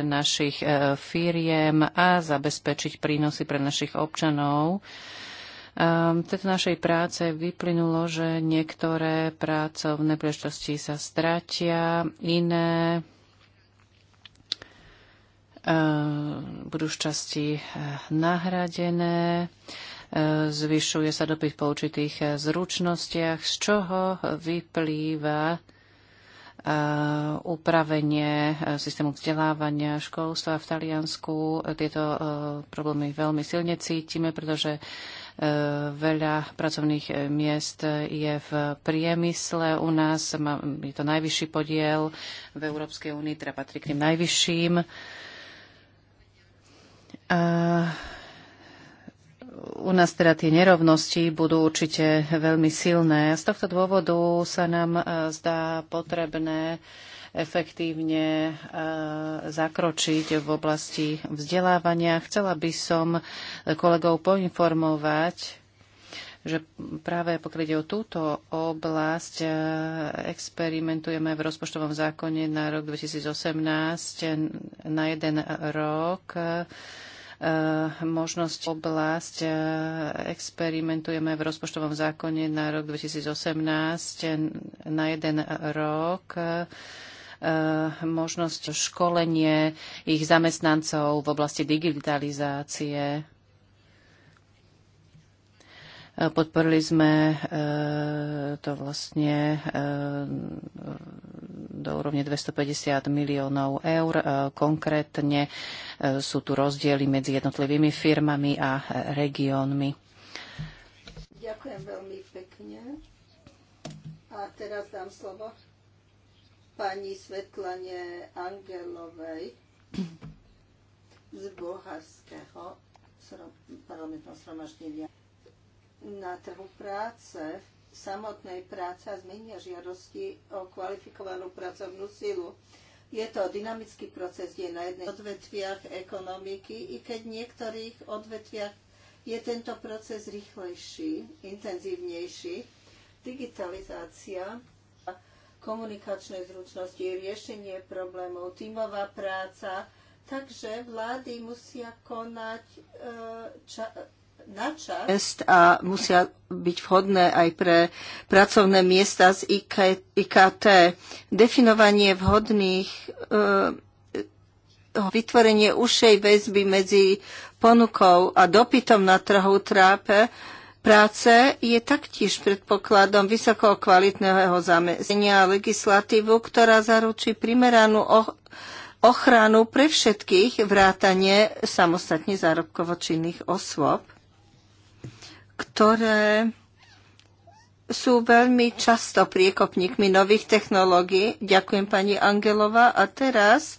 našich firiem a zabezpečiť prínosy pre našich občanov. Ehm, v Tejto našej práce vyplynulo, že niektoré pracovné príležitosti sa stratia, iné Eh, budú v časti eh, nahradené. Eh, zvyšuje sa dopyt po určitých zručnostiach, z čoho vyplýva upravenie systému vzdelávania školstva v Taliansku. Tieto problémy veľmi silne cítime, pretože veľa pracovných miest je v priemysle. U nás je to najvyšší podiel v Európskej únii, teda patrí k tým najvyšším. A u nás teda tie nerovnosti budú určite veľmi silné. Z tohto dôvodu sa nám e, zdá potrebné efektívne e, zakročiť v oblasti vzdelávania. Chcela by som kolegov poinformovať, že práve pokiaľ ide o túto oblasť, e, experimentujeme v rozpočtovom zákone na rok 2018 na jeden rok Eh, možnosť oblasť. Eh, experimentujeme v rozpočtovom zákone na rok 2018 eh, na jeden rok možnosť školenie ich zamestnancov v oblasti digitalizácie Podporili sme e, to vlastne e, do úrovne 250 miliónov eur. E, konkrétne sú tu rozdiely medzi jednotlivými firmami a regiónmi. Ďakujem veľmi pekne. A teraz dám slovo pani Svetlane Angelovej z Bulharského parlamentného sromaždenia na trhu práce, v samotnej práce a zmenia žiadosti o kvalifikovanú pracovnú silu. Je to dynamický proces, kde na jednej odvetviach ekonomiky, i keď v niektorých odvetviach je tento proces rýchlejší, intenzívnejší. Digitalizácia, komunikačné zručnosti, riešenie problémov, tímová práca. Takže vlády musia konať e, ča- a musia byť vhodné aj pre pracovné miesta z IKT. Definovanie vhodných, eh, vytvorenie ušej väzby medzi ponukou a dopytom na trhu trápe, práce je taktiež predpokladom vysoko kvalitného zamestnania a legislatívu, ktorá zaručí primeranú ochranu pre všetkých vrátanie samostatne zárobkovo činných osôb ktoré sú veľmi často priekopníkmi nových technológií. Ďakujem pani Angelova. A teraz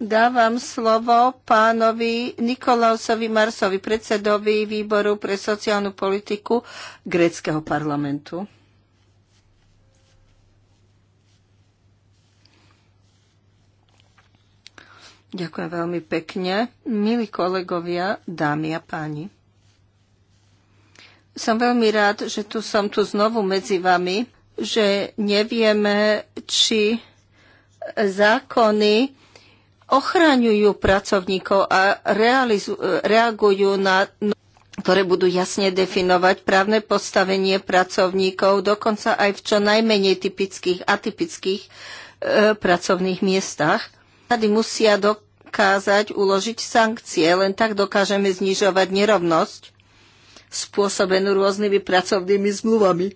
dávam slovo pánovi Nikolausovi Marsovi, predsedovi výboru pre sociálnu politiku gréckého parlamentu. Ďakujem veľmi pekne. Milí kolegovia, dámy a páni. Som veľmi rád, že tu som tu znovu medzi vami, že nevieme, či zákony ochraňujú pracovníkov a reagujú na no- ktoré budú jasne definovať právne postavenie pracovníkov, dokonca aj v čo najmenej typických, atypických e, pracovných miestach. Tady musia dokázať uložiť sankcie, len tak dokážeme znižovať nerovnosť spôsobenú rôznymi pracovnými zmluvami.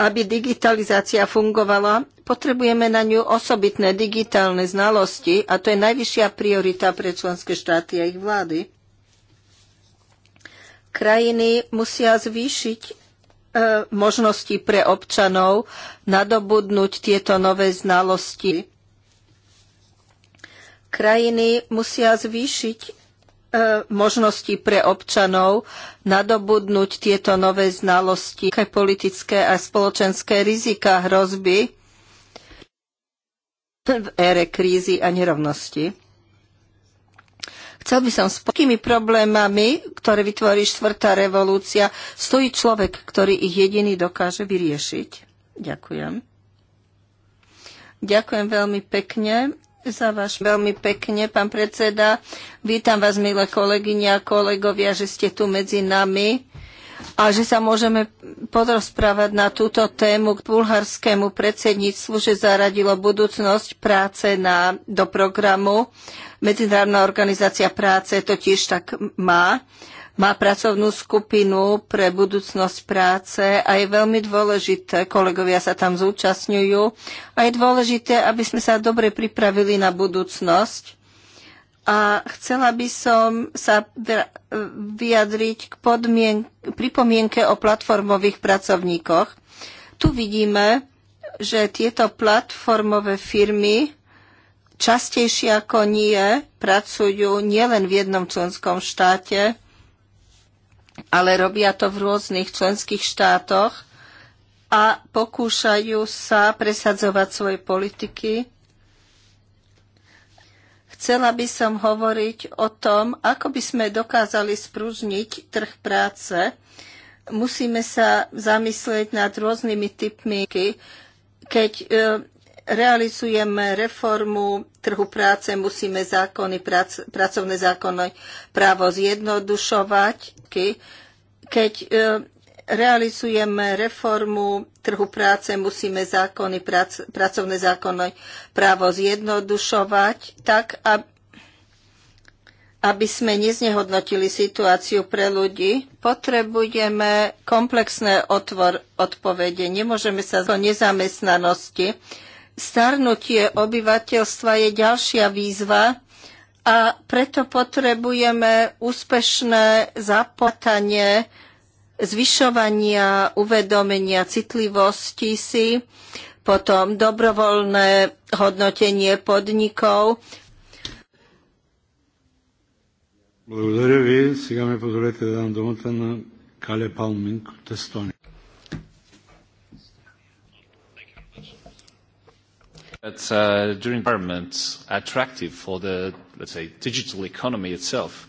Aby digitalizácia fungovala, potrebujeme na ňu osobitné digitálne znalosti a to je najvyššia priorita pre členské štáty a ich vlády. Krajiny musia zvýšiť e, možnosti pre občanov nadobudnúť tieto nové znalosti. Krajiny musia zvýšiť E, možnosti pre občanov nadobudnúť tieto nové znalosti, aké politické a spoločenské rizika hrozby v ére krízy a nerovnosti. Chcel by som s takými problémami, ktoré vytvorí štvrtá revolúcia, stojí človek, ktorý ich jediný dokáže vyriešiť. Ďakujem. Ďakujem veľmi pekne za váš veľmi pekne, pán predseda. Vítam vás, milé kolegyne a kolegovia, že ste tu medzi nami a že sa môžeme podrozprávať na túto tému k bulharskému predsedníctvu, že zaradilo budúcnosť práce na, do programu. Medzinárodná organizácia práce to tiež tak má má pracovnú skupinu pre budúcnosť práce a je veľmi dôležité, kolegovia sa tam zúčastňujú, a je dôležité, aby sme sa dobre pripravili na budúcnosť. A chcela by som sa vyjadriť k podmien- pripomienke o platformových pracovníkoch. Tu vidíme, že tieto platformové firmy častejšie ako nie pracujú nielen v jednom členskom štáte, ale robia to v rôznych členských štátoch a pokúšajú sa presadzovať svoje politiky. Chcela by som hovoriť o tom, ako by sme dokázali sprúžniť trh práce. Musíme sa zamyslieť nad rôznymi typmi, keď e, realizujeme reformu trhu práce, musíme zákony, prac, pracovné zákony právo zjednodušovať, keď e, realizujeme reformu trhu práce, musíme zákony, prac, pracovné zákony právo zjednodušovať tak, aby sme neznehodnotili situáciu pre ľudí. Potrebujeme komplexné otvor, odpovede. Nemôžeme sa do nezamestnanosti. Starnutie obyvateľstva je ďalšia výzva, a preto potrebujeme úspešné zapotanie zvyšovania uvedomenia citlivosti si, potom dobrovoľné hodnotenie podnikov. Благодаря ви. Сега ми позволете да дам думата на Кале Палминг от that uh, during environment attractive for the, let's say, digital economy itself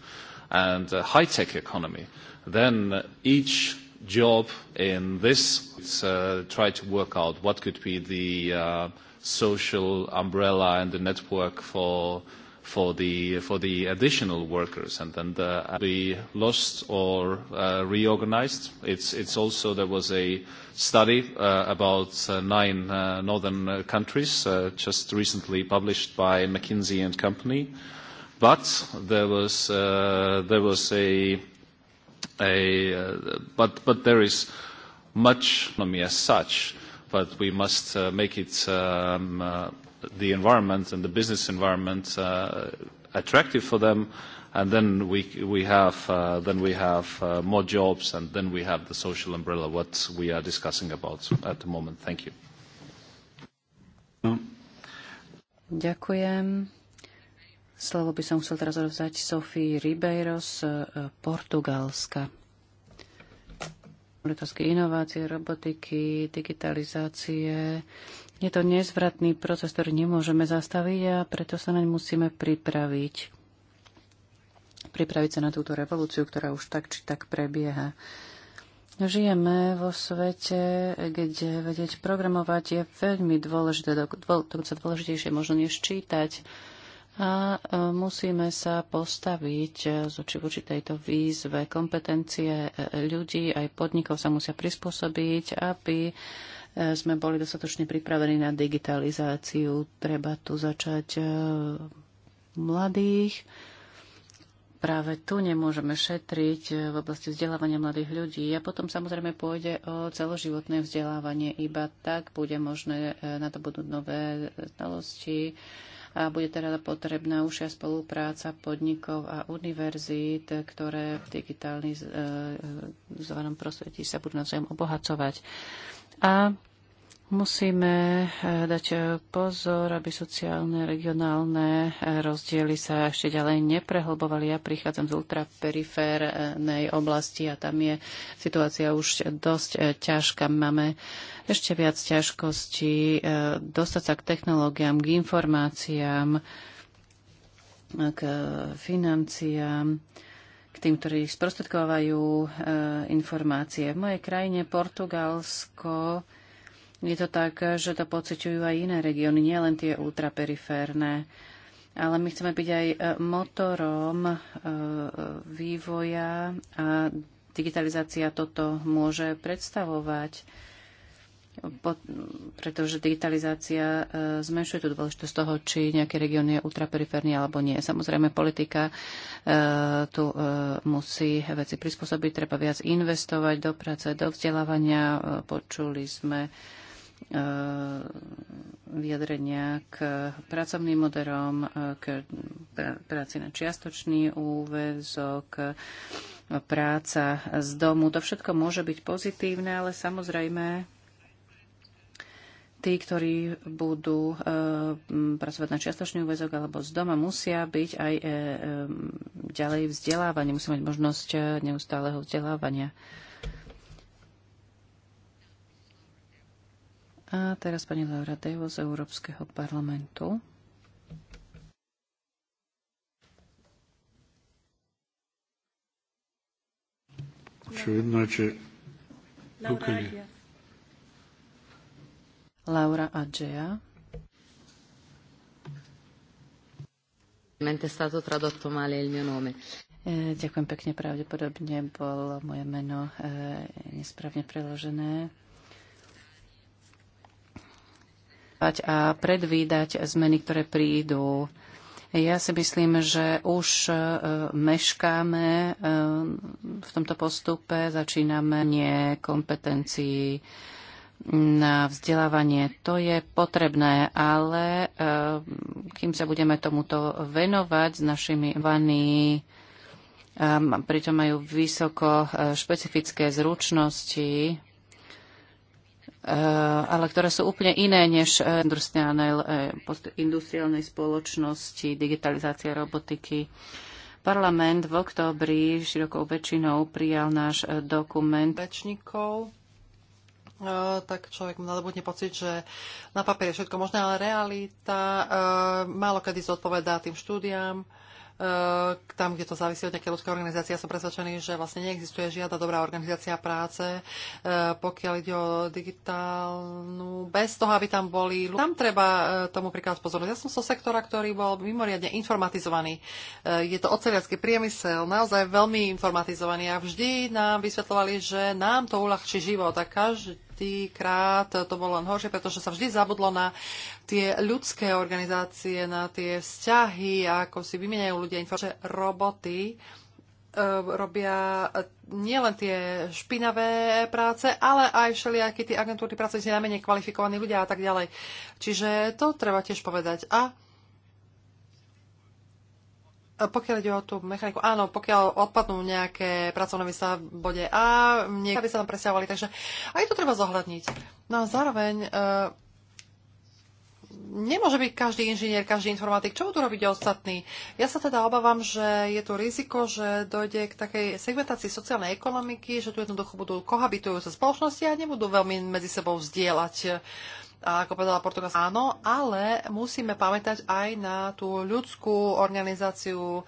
and the uh, high-tech economy, then each job in this is uh, try to work out what could be the uh, social umbrella and the network for for the for the additional workers and and uh, be lost or uh, reorganized it's it's also there was a study uh, about uh, nine uh, northern uh, countries uh, just recently published by McKinsey and company but there was uh, there was a a uh, but but there is much economy as such but we must uh, make it um, uh, the environment and the business environment uh, attractive for them, and then we, we have, uh, then we have uh, more jobs, and then we have the social umbrella, what we are discussing about at the moment. Thank you. Ďakujem. Slovo by som chcel teraz odovzdať Sofii Ribeiro z e, Portugalska. Otázky inovácie, robotiky, digitalizácie. Je to nezvratný proces, ktorý nemôžeme zastaviť a preto sa naň musíme pripraviť. Pripraviť sa na túto revolúciu, ktorá už tak či tak prebieha. Žijeme vo svete, kde vedieť programovať je veľmi dôležité, dokonca dôležitejšie možno než čítať. A e, musíme sa postaviť e, z oči voči tejto výzve. Kompetencie e, ľudí aj podnikov sa musia prispôsobiť, aby E, sme boli dostatočne pripravení na digitalizáciu. Treba tu začať e, mladých. Práve tu nemôžeme šetriť e, v oblasti vzdelávania mladých ľudí. A potom samozrejme pôjde o celoživotné vzdelávanie. Iba tak bude možné na to budú nové znalosti a bude teda potrebná užšia spolupráca podnikov a univerzít, ktoré v digitálnym prostredí sa budú navzájom obohacovať. A musíme eh, dať eh, pozor, aby sociálne, regionálne eh, rozdiely sa ešte ďalej neprehlbovali. Ja prichádzam z ultraperiférnej oblasti a tam je situácia už dosť ťažká. Máme ešte viac ťažkostí dostať sa k technológiám, k informáciám, k financiám k tým, ktorí sprostredkovajú e, informácie. V mojej krajine Portugalsko je to tak, že to pociťujú aj iné regióny, nielen tie ultraperiférne. Ale my chceme byť aj e, motorom e, vývoja a digitalizácia toto môže predstavovať pretože digitalizácia e, zmenšuje tú dôležitosť toho, či nejaký región je ultraperiférny alebo nie. Samozrejme, politika e, tu e, musí veci prispôsobiť, treba viac investovať do práce, do vzdelávania. Počuli sme vyjadrenia k pracovným moderom, k práci na čiastočný úvezok, práca z domu. To všetko môže byť pozitívne, ale samozrejme tí, ktorí budú eh, pracovať na čiastočný úvezok alebo z doma, musia byť aj eh, ďalej vzdelávaní, musia mať možnosť eh, neustáleho vzdelávania. A teraz pani Laura Devo z Európskeho parlamentu. Очевидно, че тук ли? Laura Mente stato tradotto male il mio nome. E, ďakujem pekne, pravdepodobne bolo moje meno e, nesprávne preložené. A predvídať zmeny, ktoré prídu. Ja si myslím, že už e, meškáme v tomto postupe, začíname nie kompetencií na vzdelávanie. To je potrebné, ale eh, kým sa budeme tomuto venovať s našimi vaní, eh, pritom majú vysoko eh, špecifické zručnosti, ale ktoré sú úplne iné než industriálnej spoločnosti, digitalizácie robotiky. Parlament v októbri širokou väčšinou prijal náš dokument. Večníkov E, tak človek nadobudne pocit, že na papieri je všetko možné, ale realita uh, málo kedy zodpovedá tým štúdiám, Uh, tam, kde to závisí od nejakej ľudskej organizácie. Ja som presvedčený, že vlastne neexistuje žiadna dobrá organizácia práce, uh, pokiaľ ide o digitálnu, bez toho, aby tam boli. Tam treba tomu prikázať pozornosť. Ja som zo so sektora, ktorý bol mimoriadne informatizovaný. Je to oceliacký priemysel, naozaj veľmi informatizovaný a vždy nám vysvetlovali, že nám to uľahčí život a každý krát to bolo len horšie, pretože sa vždy zabudlo na tie ľudské organizácie, na tie vzťahy, ako si vymieňajú ľudia informácie, roboty e, robia nielen tie špinavé práce, ale aj všelijaké tie agentúry práce, kde najmenej kvalifikovaní ľudia a tak ďalej. Čiže to treba tiež povedať. A pokiaľ ide o tú mechaniku, áno, pokiaľ odpadnú nejaké pracovné miesta v bode A, niekedy by sa tam presťahovali, takže aj to treba zohľadniť. No a zároveň e, nemôže byť každý inžinier, každý informatik. Čo budú robiť ostatní? Ja sa teda obávam, že je tu riziko, že dojde k takej segmentácii sociálnej ekonomiky, že tu jednoducho budú sa spoločnosti a nebudú veľmi medzi sebou vzdielať. A ako povedala Portugalska, áno, ale musíme pamätať aj na tú ľudskú organizáciu,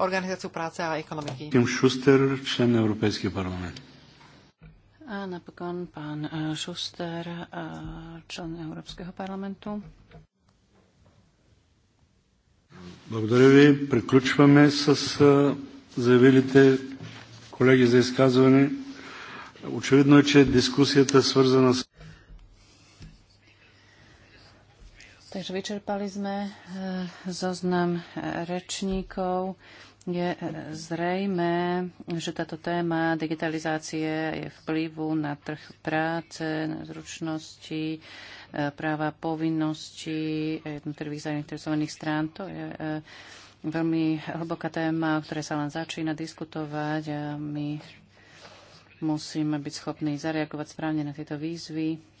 organizáciu práce a ekonomiky. Tim Schuster, člen Európskeho parlamentu. A napokon pán Šuster, člen Európskeho parlamentu. Благодаря ви. Приключваме с заявилите колеги за изказване. Очевидно е, че дискусията е свързана с... Takže vyčerpali sme zoznam rečníkov. Je zrejme, že táto téma digitalizácie je vplyvu na trh práce, na zručnosti, e, práva povinnosti jednotlivých zainteresovaných strán. To je e, veľmi hlboká téma, o ktorej sa len začína diskutovať a my musíme byť schopní zareagovať správne na tieto výzvy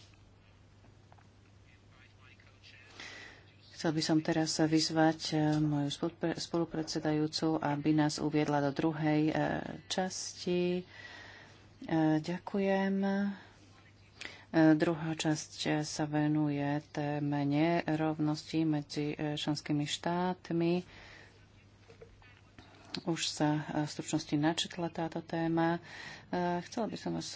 Chcel by som teraz vyzvať eh, moju spolupredsedajúcu, aby nás uviedla do druhej eh, časti. Eh, ďakujem. Druhá časť sa venuje téme nerovnosti medzi členskými štátmi. Už sa v stručnosti načetla táto téma. Chcela by som vás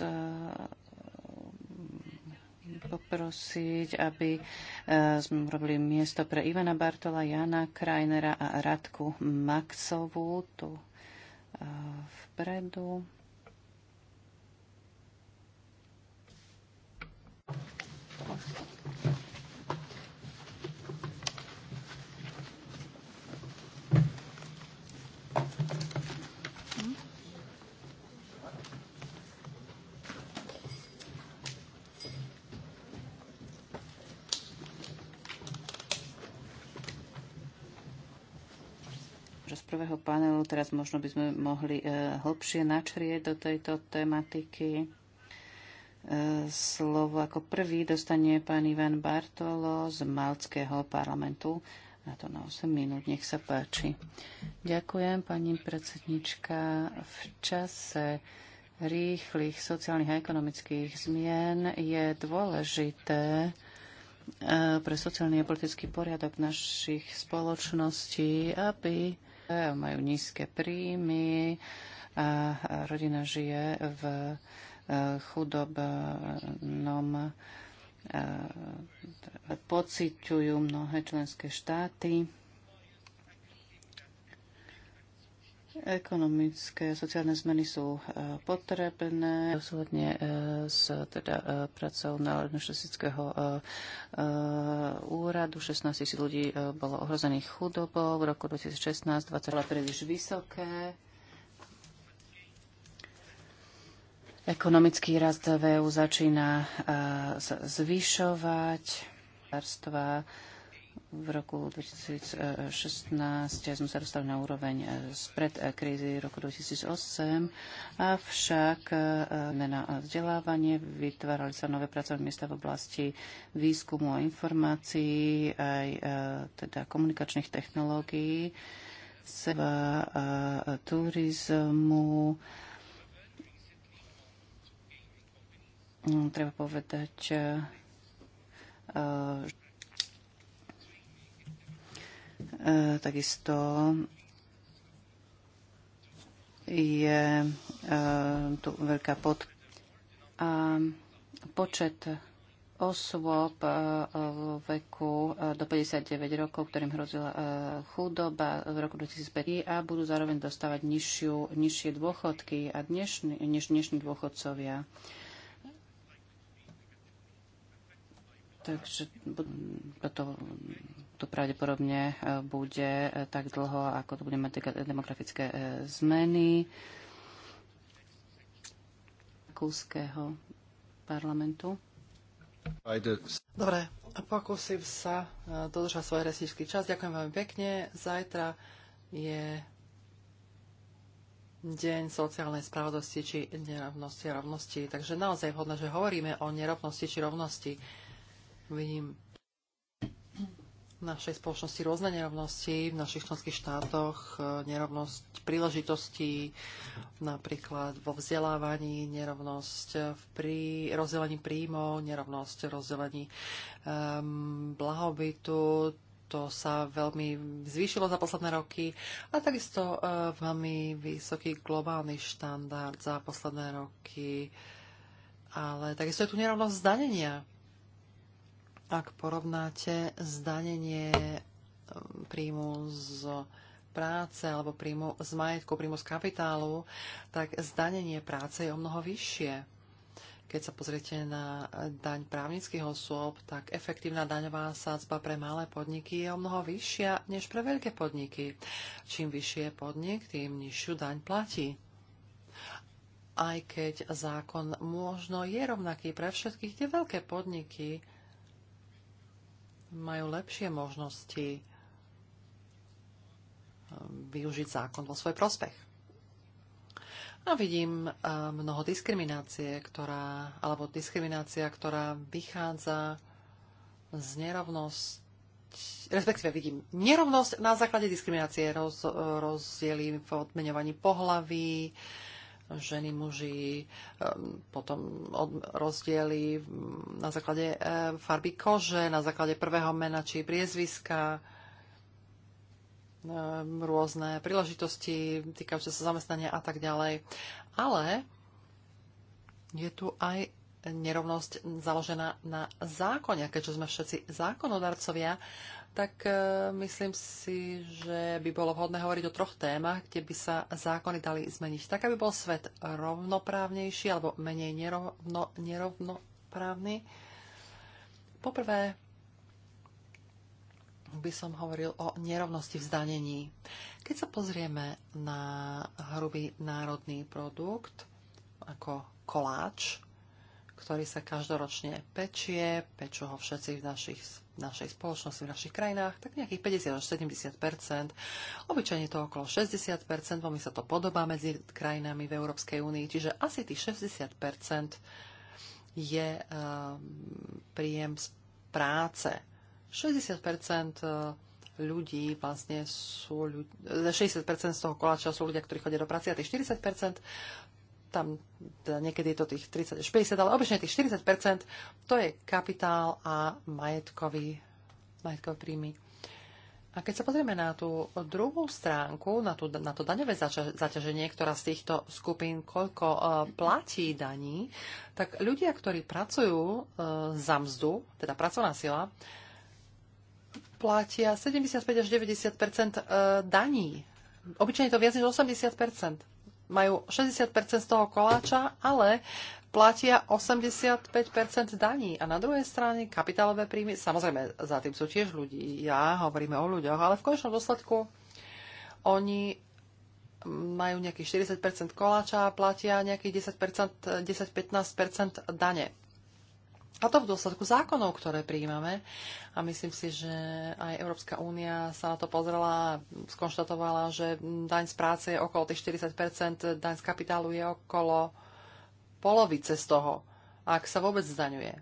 poprosiť, aby e, sme robili miesto pre Ivana Bartola, Jana Krajnera a Radku Maxovú tu e, vpredu. Thank you. panelu. Teraz možno by sme mohli e, hlbšie načrieť do tejto tematiky. E, slovo ako prvý dostane pán Ivan Bartolo z Malckého parlamentu. Na to na 8 minút, nech sa páči. Ďakujem, pani predsednička. V čase rýchlych sociálnych a ekonomických zmien je dôležité e, pre sociálny a politický poriadok našich spoločností, aby E, majú nízke príjmy a rodina žije v e, chudobnom e, pociťujú mnohé členské štáty. Ekonomické a sociálne zmeny sú e, potrebné. Súhodne e, s teda, e, na národnoštatistického úradu 16 tisíc ľudí bolo ohrozených chudobou. V roku 2016 20 bola príliš vysoké. Ekonomický rast v EU začína zvyšovať v roku 2016 sme sa dostali na úroveň eh, spred eh, krízy roku 2008, avšak eh, na vzdelávanie vytvárali sa nové pracovné miesta v oblasti výskumu a informácií, aj teda komunikačných technológií, seba, turizmu, hm, treba povedať, že E, takisto je e, tu veľká pod... A počet osôb e, v veku do 59 rokov, ktorým hrozila chudoba v roku 2005 a budú zároveň dostávať nižšiu, nižšie dôchodky a dnešní, než dnešní dôchodcovia. Takže toto to pravdepodobne e, bude e, tak dlho, ako tu budeme mať demografické e, zmeny Kúského parlamentu. Dobre, pokúsim sa dodržať svoj resničký čas. Ďakujem veľmi pekne. Zajtra je deň sociálnej spravodlosti či nerovnosti a rovnosti. Takže naozaj vhodné, že hovoríme o nerovnosti či rovnosti. Vidím našej spoločnosti rôzne nerovnosti v našich členských štátoch, e, nerovnosť príležitostí, napríklad vo vzdelávaní, nerovnosť v prí, rozdelení príjmov, nerovnosť v rozdelení um, blahobytu. To sa veľmi zvýšilo za posledné roky a takisto uh, veľmi vysoký globálny štandard za posledné roky. Ale takisto je tu nerovnosť zdanenia ak porovnáte zdanenie eh, príjmu z práce alebo príjmu z majetku, príjmu z kapitálu, tak zdanenie práce je o mnoho vyššie. Keď sa pozriete na daň právnických osôb, tak efektívna daňová sádzba pre malé podniky je o mnoho vyššia než pre veľké podniky. Čím vyššie je podnik, tým nižšiu daň platí. Aj keď zákon možno je rovnaký pre všetkých, tie veľké podniky majú lepšie možnosti um, využiť zákon vo svoj prospech. A vidím um, mnoho diskriminácie, ktorá, alebo diskriminácia, ktorá vychádza z nerovnosti respektíve vidím nerovnosť na základe diskriminácie, roz, rozdiely v odmeňovaní pohlaví, ženy, muži, ehm, potom rozdiely na základe ehm, farby kože, na základe prvého mena či priezviska, ehm, rôzne príležitosti týkajúce sa zamestnania a tak ďalej. Ale je tu aj nerovnosť založená na zákone. Keďže sme všetci zákonodarcovia, tak e, myslím si, že by bolo vhodné hovoriť o troch témach, kde by sa zákony dali zmeniť. Tak, aby bol svet rovnoprávnejší alebo menej nerovno, nerovnoprávny. Poprvé by som hovoril o nerovnosti v zdanení. Keď sa pozrieme na hrubý národný produkt ako koláč, ktorý sa každoročne pečie, pečú ho všetci v našich, v našej spoločnosti, v našich krajinách, tak nejakých 50 až 70 obyčajne to okolo 60 bo my sa to podobá medzi krajinami v Európskej únii, čiže asi tých 60 je uh, príjem z práce. 60 e, ľudí vlastne sú ľudia, 60% z toho koláča sú ľudia, ktorí chodia do práce a tých 40% tam teda niekedy je to tých 30 až 50, ale obyčajne tých 40 to je kapitál a majetkový, majetkový príjmy. A keď sa pozrieme na tú druhú stránku, na, tú, na to daňové zaťaženie, ktorá z týchto skupín koľko uh, platí daní, tak ľudia, ktorí pracujú uh, za mzdu, teda pracovná sila, platia 75 až 90 e, daní. Obyčajne to viac než 80 majú 60% z toho koláča, ale platia 85% daní. A na druhej strane kapitálové príjmy, samozrejme, za tým sú tiež ľudí, ja hovoríme o ľuďoch, ale v konečnom dôsledku oni majú nejakých 40% koláča a platia nejakých 10-15% dane. A to v dôsledku zákonov, ktoré príjmame. A myslím si, že aj Európska únia sa na to pozrela a skonštatovala, že daň z práce je okolo tých 40 daň z kapitálu je okolo polovice z toho, ak sa vôbec zdaňuje.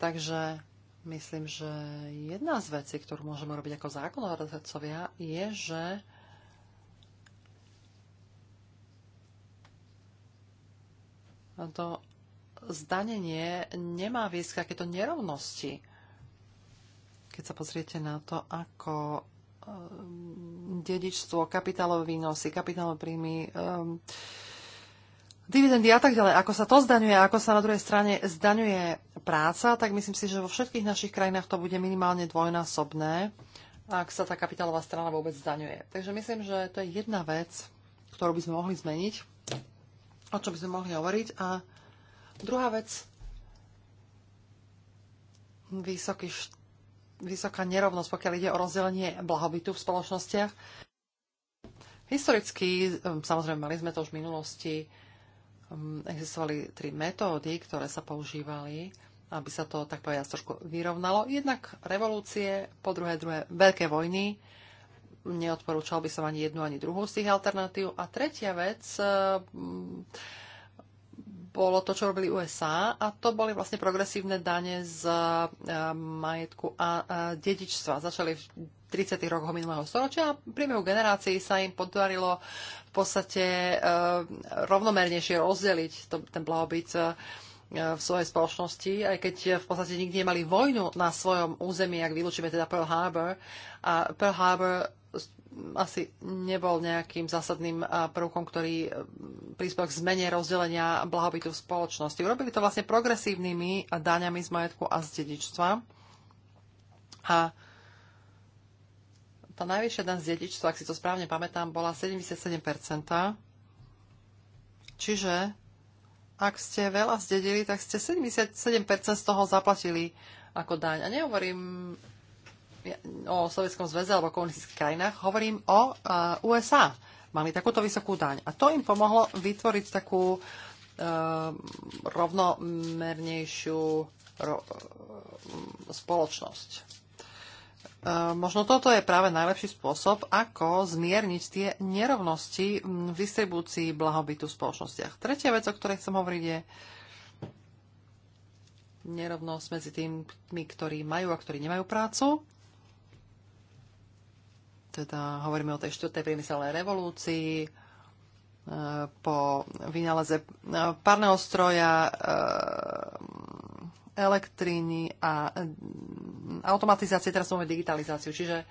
Takže myslím, že jedna z vecí, ktorú môžeme robiť ako zákonodarcovia, je, že to zdanenie nemá viesť takéto nerovnosti. Keď sa pozriete na to, ako ehm, dedičstvo, kapitálové výnosy, kapitálové príjmy, um, dividendy a tak ďalej. Ako sa to zdaňuje, ako sa na druhej strane zdaňuje práca, tak myslím si, že vo všetkých našich krajinách to bude minimálne dvojnásobné, ak sa tá kapitálová strana vôbec zdaňuje. Takže myslím, že to je jedna vec, ktorú by sme mohli zmeniť, o čom by sme mohli hovoriť a Druhá vec. Vysoký, vysoká nerovnosť, pokiaľ ide o rozdelenie blahobytu v spoločnostiach. Historicky, um, samozrejme, mali sme to už v minulosti, um, existovali tri metódy, ktoré sa používali, aby sa to, tak povedať, trošku vyrovnalo. Jednak revolúcie, po druhé, druhé veľké vojny. Neodporúčal by som ani jednu, ani druhú z tých alternatív. A tretia vec, um, bolo to, čo robili USA a to boli vlastne progresívne dane z e, majetku a e, dedičstva. Začali v 30. rokoch minulého storočia a v priebehu generácií sa im podarilo v podstate e, rovnomernejšie rozdeliť ten blahobyt v svojej spoločnosti, aj keď v podstate nikdy nemali vojnu na svojom území, ak vylúčime teda Pearl Harbor. A Pearl Harbor asi nebol nejakým zásadným eh, prvkom, ktorý eh, prispel k zmene rozdelenia blahobytu v spoločnosti. Urobili to vlastne progresívnymi daňami z majetku a z dedičstva. A tá najvyššia daň z dedičstva, ak si to správne pamätám, bola 77%. Čiže ak ste veľa zdedili, tak ste 77% z toho zaplatili ako daň. A nehovorím o Sovietskom zväze alebo komunistických krajinách, hovorím o e, USA. Mali takúto vysokú daň. A to im pomohlo vytvoriť takú e, rovnomernejšiu e, spoločnosť. Možno toto je práve najlepší spôsob, ako zmierniť tie nerovnosti v distribúcii blahobytu v spoločnostiach. Tretia vec, o ktorej chcem hovoriť, je nerovnosť medzi tými, ktorí majú a ktorí nemajú prácu teda hovoríme o tej štvrtej priemyselnej revolúcii, e, po vynáleze e, parného stroja, e, elektriny a automatizácie, teraz máme digitalizáciu. Čiže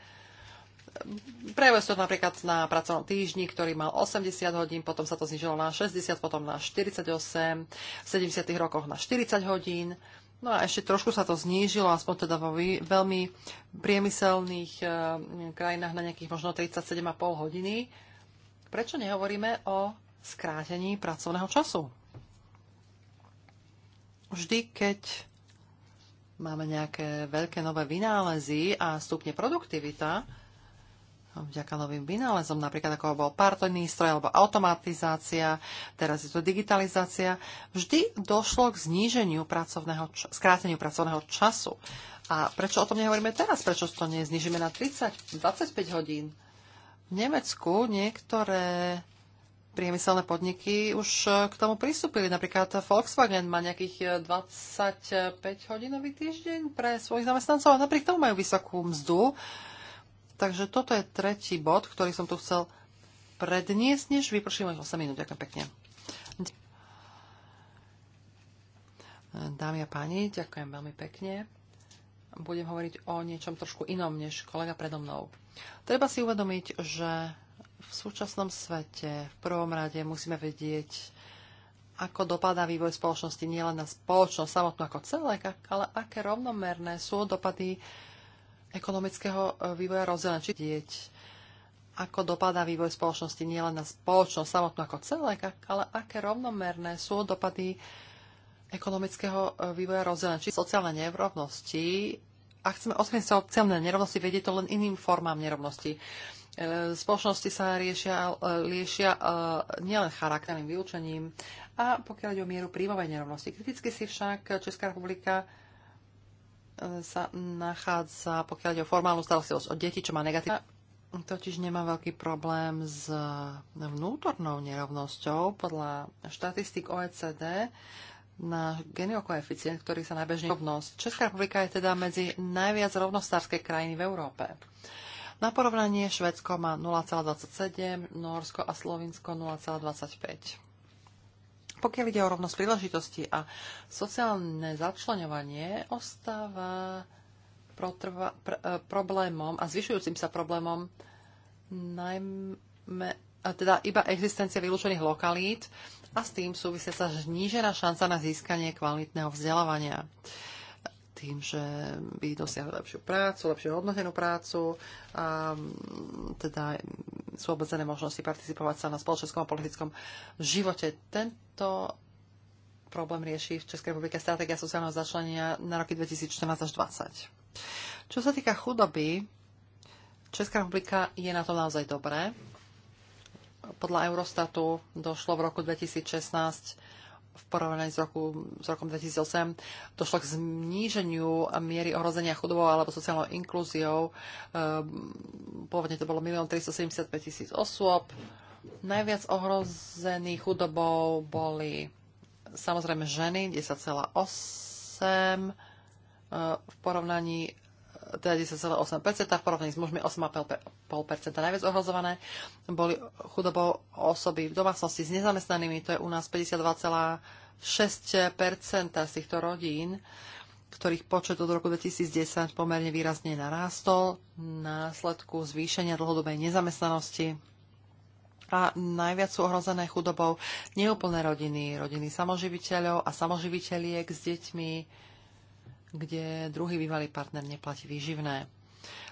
prejavuje to napríklad na pracovnom týždni, ktorý mal 80 hodín, potom sa to znižilo na 60, potom na 48, v 70. rokoch na 40 hodín. No a ešte trošku sa to znížilo, aspoň teda vo veľmi priemyselných eh, krajinách na nejakých možno 37,5 hodiny. Prečo nehovoríme o skrátení pracovného času? Vždy, keď máme nejaké veľké nové vynálezy a stupne produktivita, vďaka novým vynálezom, napríklad ako bol partojný stroj alebo automatizácia, teraz je to digitalizácia, vždy došlo k zníženiu pracovného, skráteniu pracovného času. A prečo o tom nehovoríme teraz? Prečo to neznižíme na 30, 25 hodín? V Nemecku niektoré priemyselné podniky už e, k tomu pristúpili. Napríklad Volkswagen má nejakých 25-hodinový e, týždeň pre svojich zamestnancov a napriek tomu majú vysokú mzdu. Uh, Takže toto je tretí bod, ktorý som tu chcel predniesť, než vyprším 8 minút. Ďakujem pekne. Dámy a páni, ďakujem veľmi pekne. Budem hovoriť o niečom trošku inom než kolega predo mnou. Treba si uvedomiť, že v súčasnom svete v prvom rade musíme vedieť, ako dopadá vývoj spoločnosti nielen na spoločnosť samotnú ako celé, ale aké rovnomerné sú dopady ekonomického e, vývoja rozdielne, Či dieť, ako dopadá vývoj spoločnosti nielen na spoločnosť samotnú ako celek, ale aké rovnomerné sú dopady ekonomického e, vývoja rozdielne, Či sociálne nerovnosti, ak chceme osmiesť sociálne nerovnosti, vedie to len iným formám nerovnosti. E, spoločnosti sa riešia, riešia nielen charakterným vylúčením a pokiaľ ide o mieru príjmovej nerovnosti. Kriticky si však Česká republika sa nachádza, pokiaľ ide o formálnu starostlivosť o deti, čo má negatívne. Totiž nemá veľký problém s vnútornou nerovnosťou. Podľa štatistik OECD na geniokoeficient, ktorý sa najbežne rovnosť. Česká republika je teda medzi najviac rovnostárske krajiny v Európe. Na porovnanie Švedsko má 0,27, Norsko a Slovinsko 0,25. Pokiaľ ide o rovnosť príležitosti a sociálne začlenovanie, ostáva protrva, pr, e, problémom a zvyšujúcim sa problémom najmä teda iba existencia vylúčených lokalít a s tým súvisia sa znížená šanca na získanie kvalitného vzdelávania. Uh, tým, že by dosiahli lepšiu prácu, lepšiu hodnotenú prácu a mm, teda sú obmedzené možnosti participovať sa na spoločenskom a politickom živote. Tento problém rieši v Českej republike stratégia sociálneho začlenia na roky 2014 až 2020. Čo sa týka chudoby, Česká republika je na to naozaj dobré. Podľa Eurostatu došlo v roku 2016 v porovnaní s, roku, s rokom 2008 došlo k zníženiu miery ohrozenia chudobou alebo sociálnou inklúziou. Ehm, pôvodne to bolo 1 375 tisíc osôb. Najviac ohrození chudobou boli samozrejme ženy 10,8 ehm, v porovnaní teda 10,8%, v porovnaní s mužmi 8,5% najviac ohrozované. Boli chudobou osoby v domácnosti s nezamestnanými, to je u nás 52,6% z týchto rodín, ktorých počet od roku 2010 pomerne výrazne narástol následku zvýšenia dlhodobej nezamestnanosti a najviac sú ohrozené chudobou neúplné rodiny, rodiny samoživiteľov a samoživiteľiek s deťmi, kde druhý bývalý partner neplatí výživné.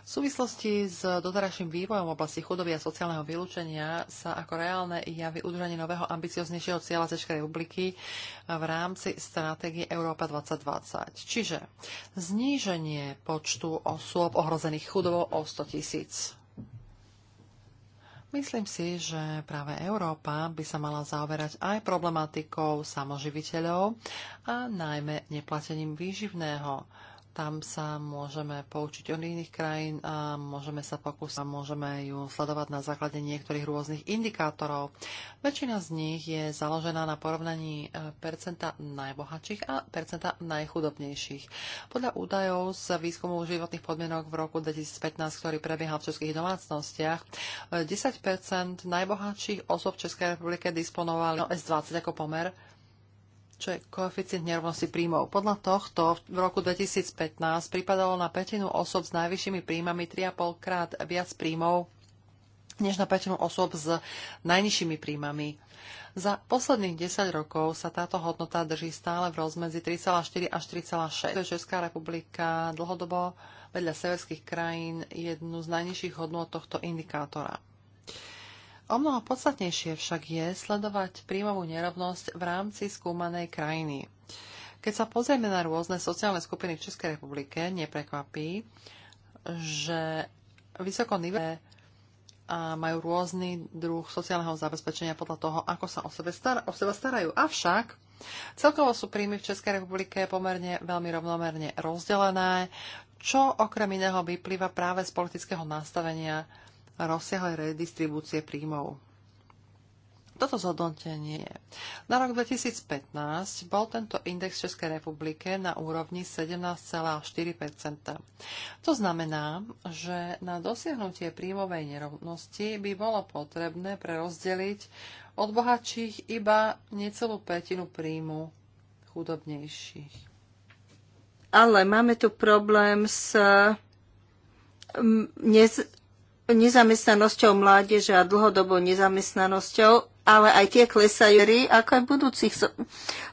V súvislosti s doterajším vývojom v oblasti chudoby a sociálneho vylúčenia sa ako reálne javy udržanie nového ambicioznejšieho cieľa Českej republiky v rámci stratégie Európa 2020. Čiže zníženie počtu osôb ohrozených chudobou o 100 tisíc Myslím si, že práve Európa by sa mala zaoberať aj problematikou samoživiteľov a najmä neplatením výživného tam sa môžeme poučiť od iných krajín a môžeme sa pokúsiť a môžeme ju sledovať na základe niektorých rôznych indikátorov. Väčšina z nich je založená na porovnaní e, percenta najbohatších a percenta najchudobnejších. Podľa údajov z výskumu životných podmienok v roku 2015, ktorý prebiehal v českých domácnostiach, 10 e, najbohatších osob v Českej republike disponovali no S20 ako pomer čo je koeficient nerovnosti príjmov. Podľa tohto v roku 2015 pripadalo na petinu osob s najvyššími príjmami 3,5 krát viac príjmov než na petinu osob s najnižšími príjmami. Za posledných 10 rokov sa táto hodnota drží stále v rozmedzi 3,4 až 3,6. Česká republika dlhodobo vedľa severských krajín jednu z najnižších hodnot tohto indikátora. O mnoho podstatnejšie však je sledovať príjmovú nerovnosť v rámci skúmanej krajiny. Keď sa pozrieme na rôzne sociálne skupiny v Českej republike, neprekvapí, že vysoko nivé a majú rôzny druh sociálneho zabezpečenia podľa toho, ako sa o, sebe star- o seba starajú. Avšak celkovo sú príjmy v Českej republike pomerne veľmi rovnomerne rozdelené, čo okrem iného vyplýva práve z politického nastavenia rozsiahlej redistribúcie príjmov. Toto zhodnotenie. Na rok 2015 bol tento index v Českej republike na úrovni 17,4 To znamená, že na dosiahnutie príjmovej nerovnosti by bolo potrebné prerozdeliť od bohatších iba necelú pätinu príjmu chudobnejších. Ale máme tu problém s nez nezamestnanosťou mládeže a dlhodobou nezamestnanosťou, ale aj tie klesajú, ako aj v budúcich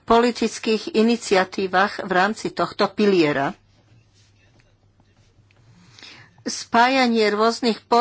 politických iniciatívach v rámci tohto piliera. Spájanie rôznych